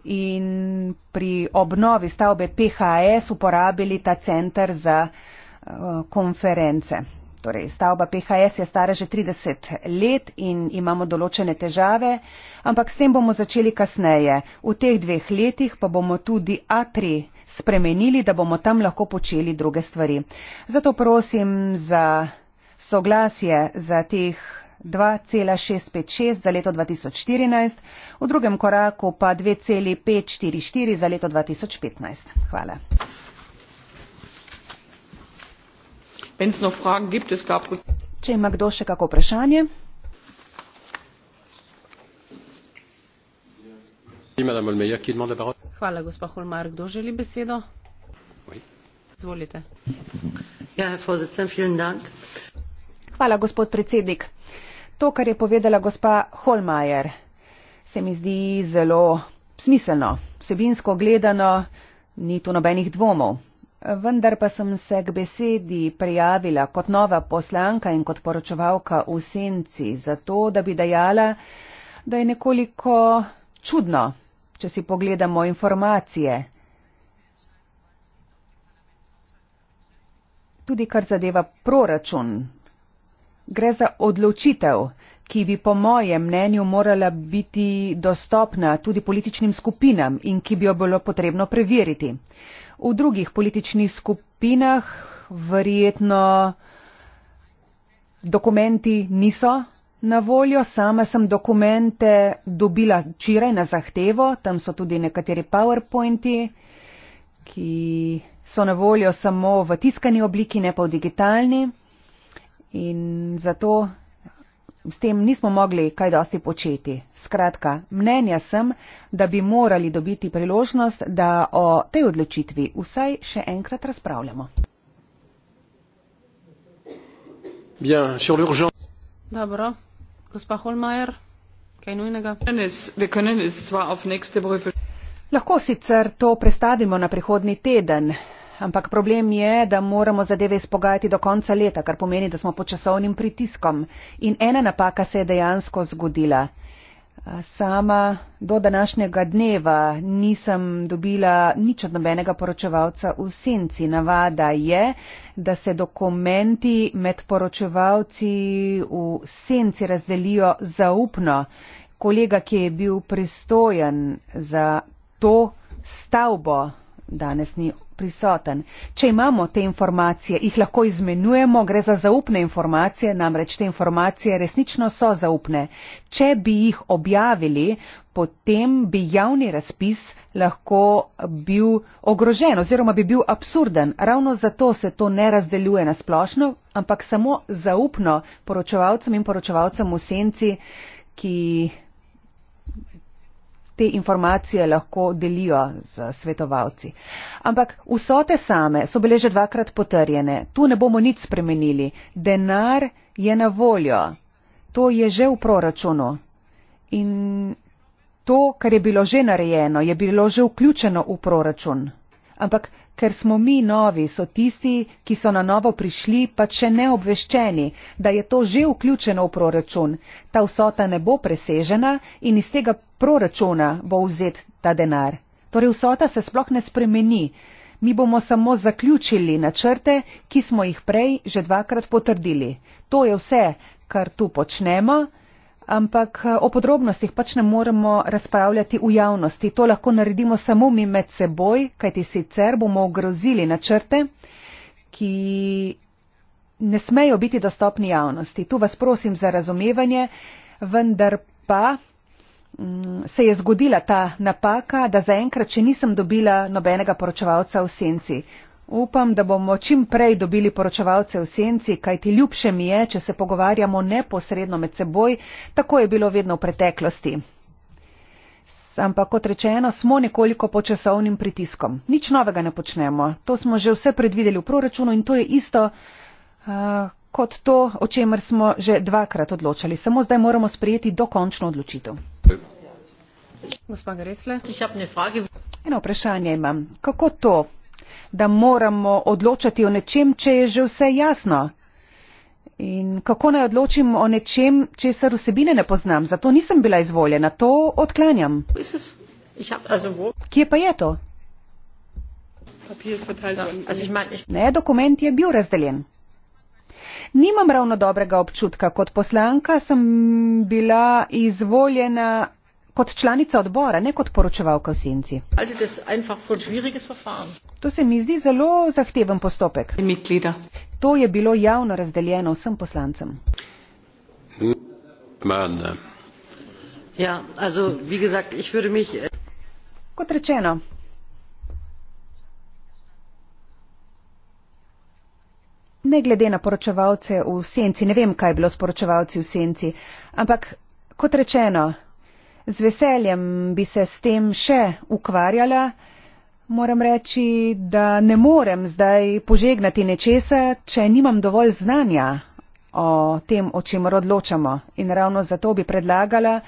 in pri obnovi stavbe PHS uporabili ta center za eh, konference. Torej, stavba PHS je stara že 30 let in imamo določene težave, ampak s tem bomo začeli kasneje. V teh dveh letih pa bomo tudi A3 spremenili, da bomo tam lahko počeli druge stvari. Zato prosim za soglasje za teh 2,656 za leto 2014, v drugem koraku pa 2,544 za leto 2015. Hvala. če ima kdo še kako vprašanje hvala gospa holmar kdo želi besedo izvolite ja, hvala gospod predsednik to kar je povedala gospa holmar se mi zdi zelo smiselno vsebinsko gledano ni tu nobenih dvomov Vendar pa sem se k besedi prijavila kot nova poslanka in kot poročevalka v senci, zato da bi dejala, da je nekoliko čudno, če si pogledamo informacije. Tudi kar zadeva proračun. Gre za odločitev, ki bi po mojem mnenju morala biti dostopna tudi političnim skupinam in ki bi jo bilo potrebno preveriti v drugih političnih skupinah verjetno dokumenti niso na voljo. Sama sem dokumente dobila včeraj na zahtevo, tam so tudi nekateri PowerPointi, ki so na voljo samo v tiskani obliki, ne pa v digitalni. In zato s tem nismo mogli kaj dosti početi. Skratka, mnenja sem, da bi morali dobiti priložnost, da o tej odločitvi vsaj še enkrat razpravljamo. Bien, Dobro, gospa Holmajer, kaj nujnega? Lahko sicer to prestavimo na prihodni teden ampak problem je, da moramo zadeve izpogajati do konca leta, kar pomeni, da smo pod časovnim pritiskom. In ena napaka se je dejansko zgodila. Sama do današnjega dneva nisem dobila nič od nobenega poročevalca v senci. Navada je, da se dokumenti med poročevalci v senci razdelijo zaupno. Kolega, ki je bil pristojen za to stavbo, danes ni prisoten. Če imamo te informacije, jih lahko izmenjujemo, gre za zaupne informacije, namreč te informacije resnično so zaupne. Če bi jih objavili, potem bi javni razpis lahko bil ogrožen oziroma bi bil absurden. Ravno zato se to ne razdeljuje na splošno, ampak samo zaupno poročevalcem in poročevalcem v senci, ki te informacije lahko delijo z svetovalci. Ampak vsote same so bile že dvakrat potrjene. Tu ne bomo nič spremenili. Denar je na voljo. To je že v proračunu. In to, kar je bilo že narejeno, je bilo že vključeno v proračun. Ampak ker smo mi novi, so tisti, ki so na novo prišli, pa še neobveščeni, da je to že vključeno v proračun. Ta vsota ne bo presežena in iz tega proračuna bo vzet ta denar. Torej vsota se sploh ne spremeni. Mi bomo samo zaključili načrte, ki smo jih prej že dvakrat potrdili. To je vse, kar tu počnemo ampak eh, o podrobnostih pač ne moremo razpravljati v javnosti. To lahko naredimo samo mi med seboj, kajti sicer bomo ogrozili načrte, ki ne smejo biti dostopni javnosti. Tu vas prosim za razumevanje, vendar pa mm, se je zgodila ta napaka, da zaenkrat, če nisem dobila nobenega poročevalca v senci. Upam, da bomo čim prej dobili poročevalce v senci, kajti ljubše mi je, če se pogovarjamo neposredno med seboj, tako je bilo vedno v preteklosti. Ampak kot rečeno, smo nekoliko pod časovnim pritiskom. Nič novega ne počnemo. To smo že vse predvideli v proračunu in to je isto uh, kot to, o čemer smo že dvakrat odločali. Samo zdaj moramo sprejeti dokončno odločitev. Eno vprašanje imam. Kako to, da moramo odločati o nečem, če je že vse jasno. In kako naj odločim o nečem, če se vsebine ne poznam, zato nisem bila izvoljena, to odklanjam. Kje pa je to? Ne, dokument je bil razdeljen. Nimam ravno dobrega občutka. Kot poslanka sem bila izvoljena Kot članica odbora, ne kot poročevalka v senci. To se mi zdi zelo zahteven postopek. To je bilo javno razdeljeno vsem poslancem. Ja, äh, kot rečeno. Ne glede na poročevalce v senci, ne vem, kaj je bilo s poročevalci v senci, ampak kot rečeno, z veseljem bi se s tem še ukvarjala. Moram reči, da ne morem zdaj požegnati nečesa, če nimam dovolj znanja o tem, o čemer odločamo. In ravno zato bi predlagala,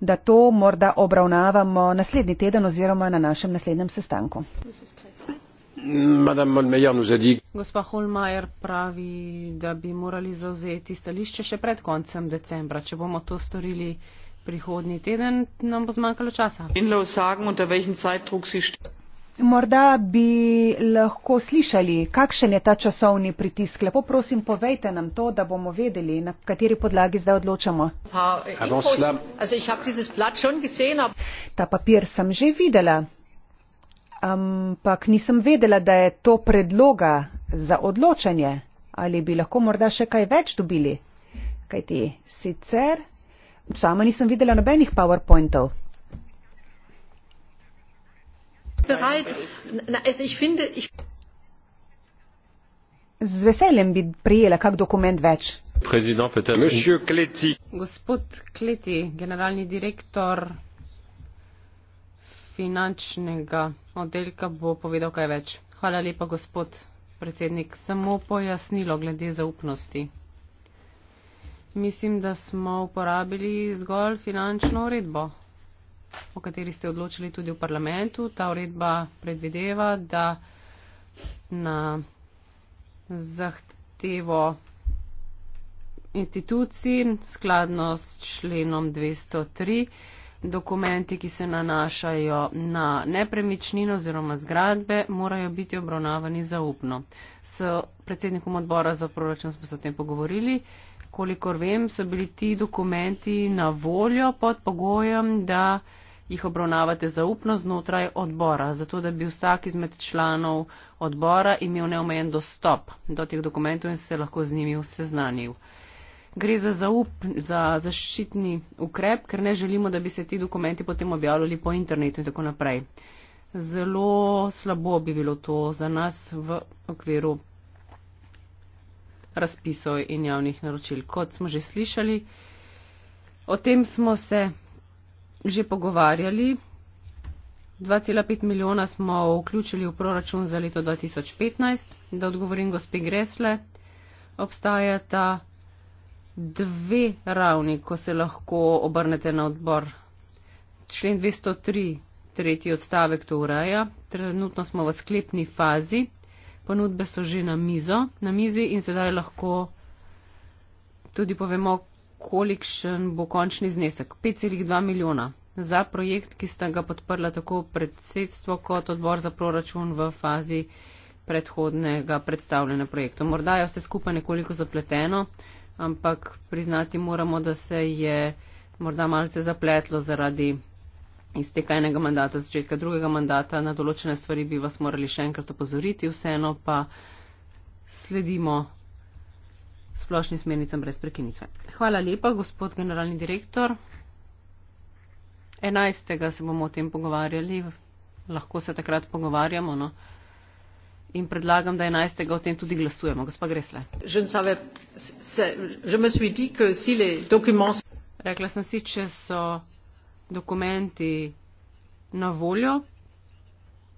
da to morda obravnavamo naslednji teden oziroma na našem naslednjem sestanku. Gospa Holmajer pravi, da bi morali zauzeti stališče še pred koncem decembra. Če bomo to storili, prihodnji teden nam bo zmanjkalo časa. Morda bi lahko slišali, kakšen je ta časovni pritisk. Lepo prosim, povejte nam to, da bomo vedeli, na kateri podlagi zdaj odločamo. Ta papir sem že videla, ampak nisem vedela, da je to predloga za odločanje. Ali bi lahko morda še kaj več dobili? Kajti sicer sama nisem videla nobenih PowerPointov. Z veseljem bi prijela kak dokument več. Gospod Kleti, generalni direktor finančnega oddelka, bo povedal kaj več. Hvala lepa, gospod predsednik. Samo pojasnilo glede zaupnosti. Mislim, da smo uporabili zgolj finančno uredbo, o kateri ste odločili tudi v parlamentu. Ta uredba predvideva, da na zahtevo institucij skladno s členom 203 dokumenti, ki se nanašajo na nepremičnino oziroma zgradbe, morajo biti obravnavani zaupno. S predsednikom odbora za proračun smo se o tem pogovorili kolikor vem, so bili ti dokumenti na voljo pod pogojem, da jih obravnavate zaupno znotraj odbora, zato da bi vsak izmed članov odbora imel neomejen dostop do teh dokumentov in se lahko z njimi seznanil. Gre za, zaup, za zaščitni ukrep, ker ne želimo, da bi se ti dokumenti potem objavljali po internetu in tako naprej. Zelo slabo bi bilo to za nas v okviru razpisov in javnih naročil. Kot smo že slišali, o tem smo se že pogovarjali. 2,5 milijona smo vključili v proračun za leto 2015. Da odgovorim gospe Gresle, obstajata dve ravni, ko se lahko obrnete na odbor. Člen 203, tretji odstavek to ureja. Trenutno smo v sklepni fazi ponudbe so že na, mizo, na mizi in sedaj lahko tudi povemo, kolikšen bo končni znesek. 5,2 milijona za projekt, ki sta ga podprla tako predsedstvo kot odbor za proračun v fazi predhodnega predstavljena projektu. Morda je vse skupaj nekoliko zapleteno, ampak priznati moramo, da se je morda malce zapletlo zaradi iz tega enega mandata, začetka drugega mandata, na določene stvari bi vas morali še enkrat opozoriti, vseeno pa sledimo splošnim smernicam brez prekinitve. Hvala lepa, gospod generalni direktor. 11. se bomo o tem pogovarjali, lahko se takrat pogovarjamo. No? In predlagam, da 11. o tem tudi glasujemo. Gospa Gresle. Rekla sem si, če so dokumenti na voljo,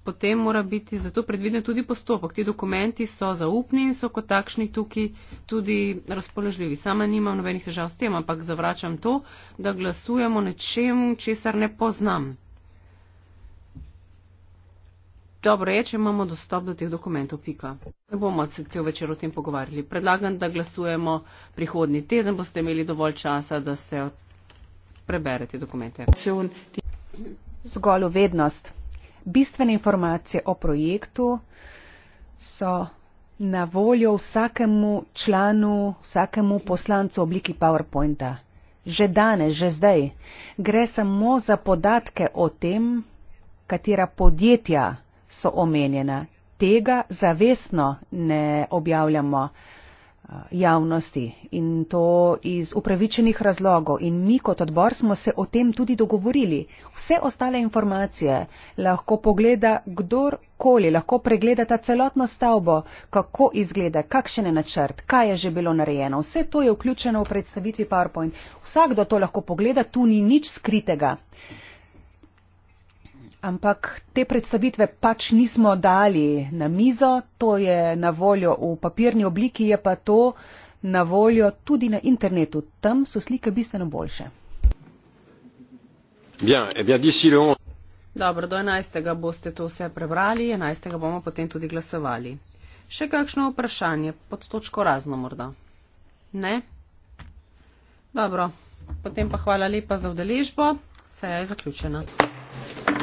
potem mora biti za to predviden tudi postopek. Ti dokumenti so zaupni in so kot takšni tukaj tudi razpoložljivi. Sama nimam nobenih težav s tem, ampak zavračam to, da glasujemo nečem, česar ne poznam. Dobro je, če imamo dostop do teh dokumentov. Pika. Ne bomo se cel večer o tem pogovarjali. Predlagam, da glasujemo prihodni teden. Boste imeli dovolj časa, da se preberete dokumente. Zgolj uvednost. Bistvene informacije o projektu so na voljo vsakemu članu, vsakemu poslancu v obliki PowerPointa. Že danes, že zdaj. Gre samo za podatke o tem, katera podjetja so omenjena. Tega zavestno ne objavljamo javnosti in to iz upravičenih razlogov. In mi kot odbor smo se o tem tudi dogovorili. Vse ostale informacije lahko pogleda kdorkoli, lahko pregleda ta celotno stavbo, kako izgleda, kakšen je načrt, kaj je že bilo narejeno. Vse to je vključeno v predstavitvi PowerPoint. Vsakdo to lahko pogleda, tu ni nič skritega. Uh, ampak te predstavitve pač nismo dali na mizo, to je na voljo v papirni obliki, je pa to na voljo tudi na internetu. Tam so slike bistveno boljše. Bien, eh bien, Dobro, do 11. boste to vse prebrali, 11. bomo potem tudi glasovali. Še kakšno vprašanje pod točko razno morda? Ne? Dobro, potem pa hvala lepa za vdeležbo, seja je zaključena.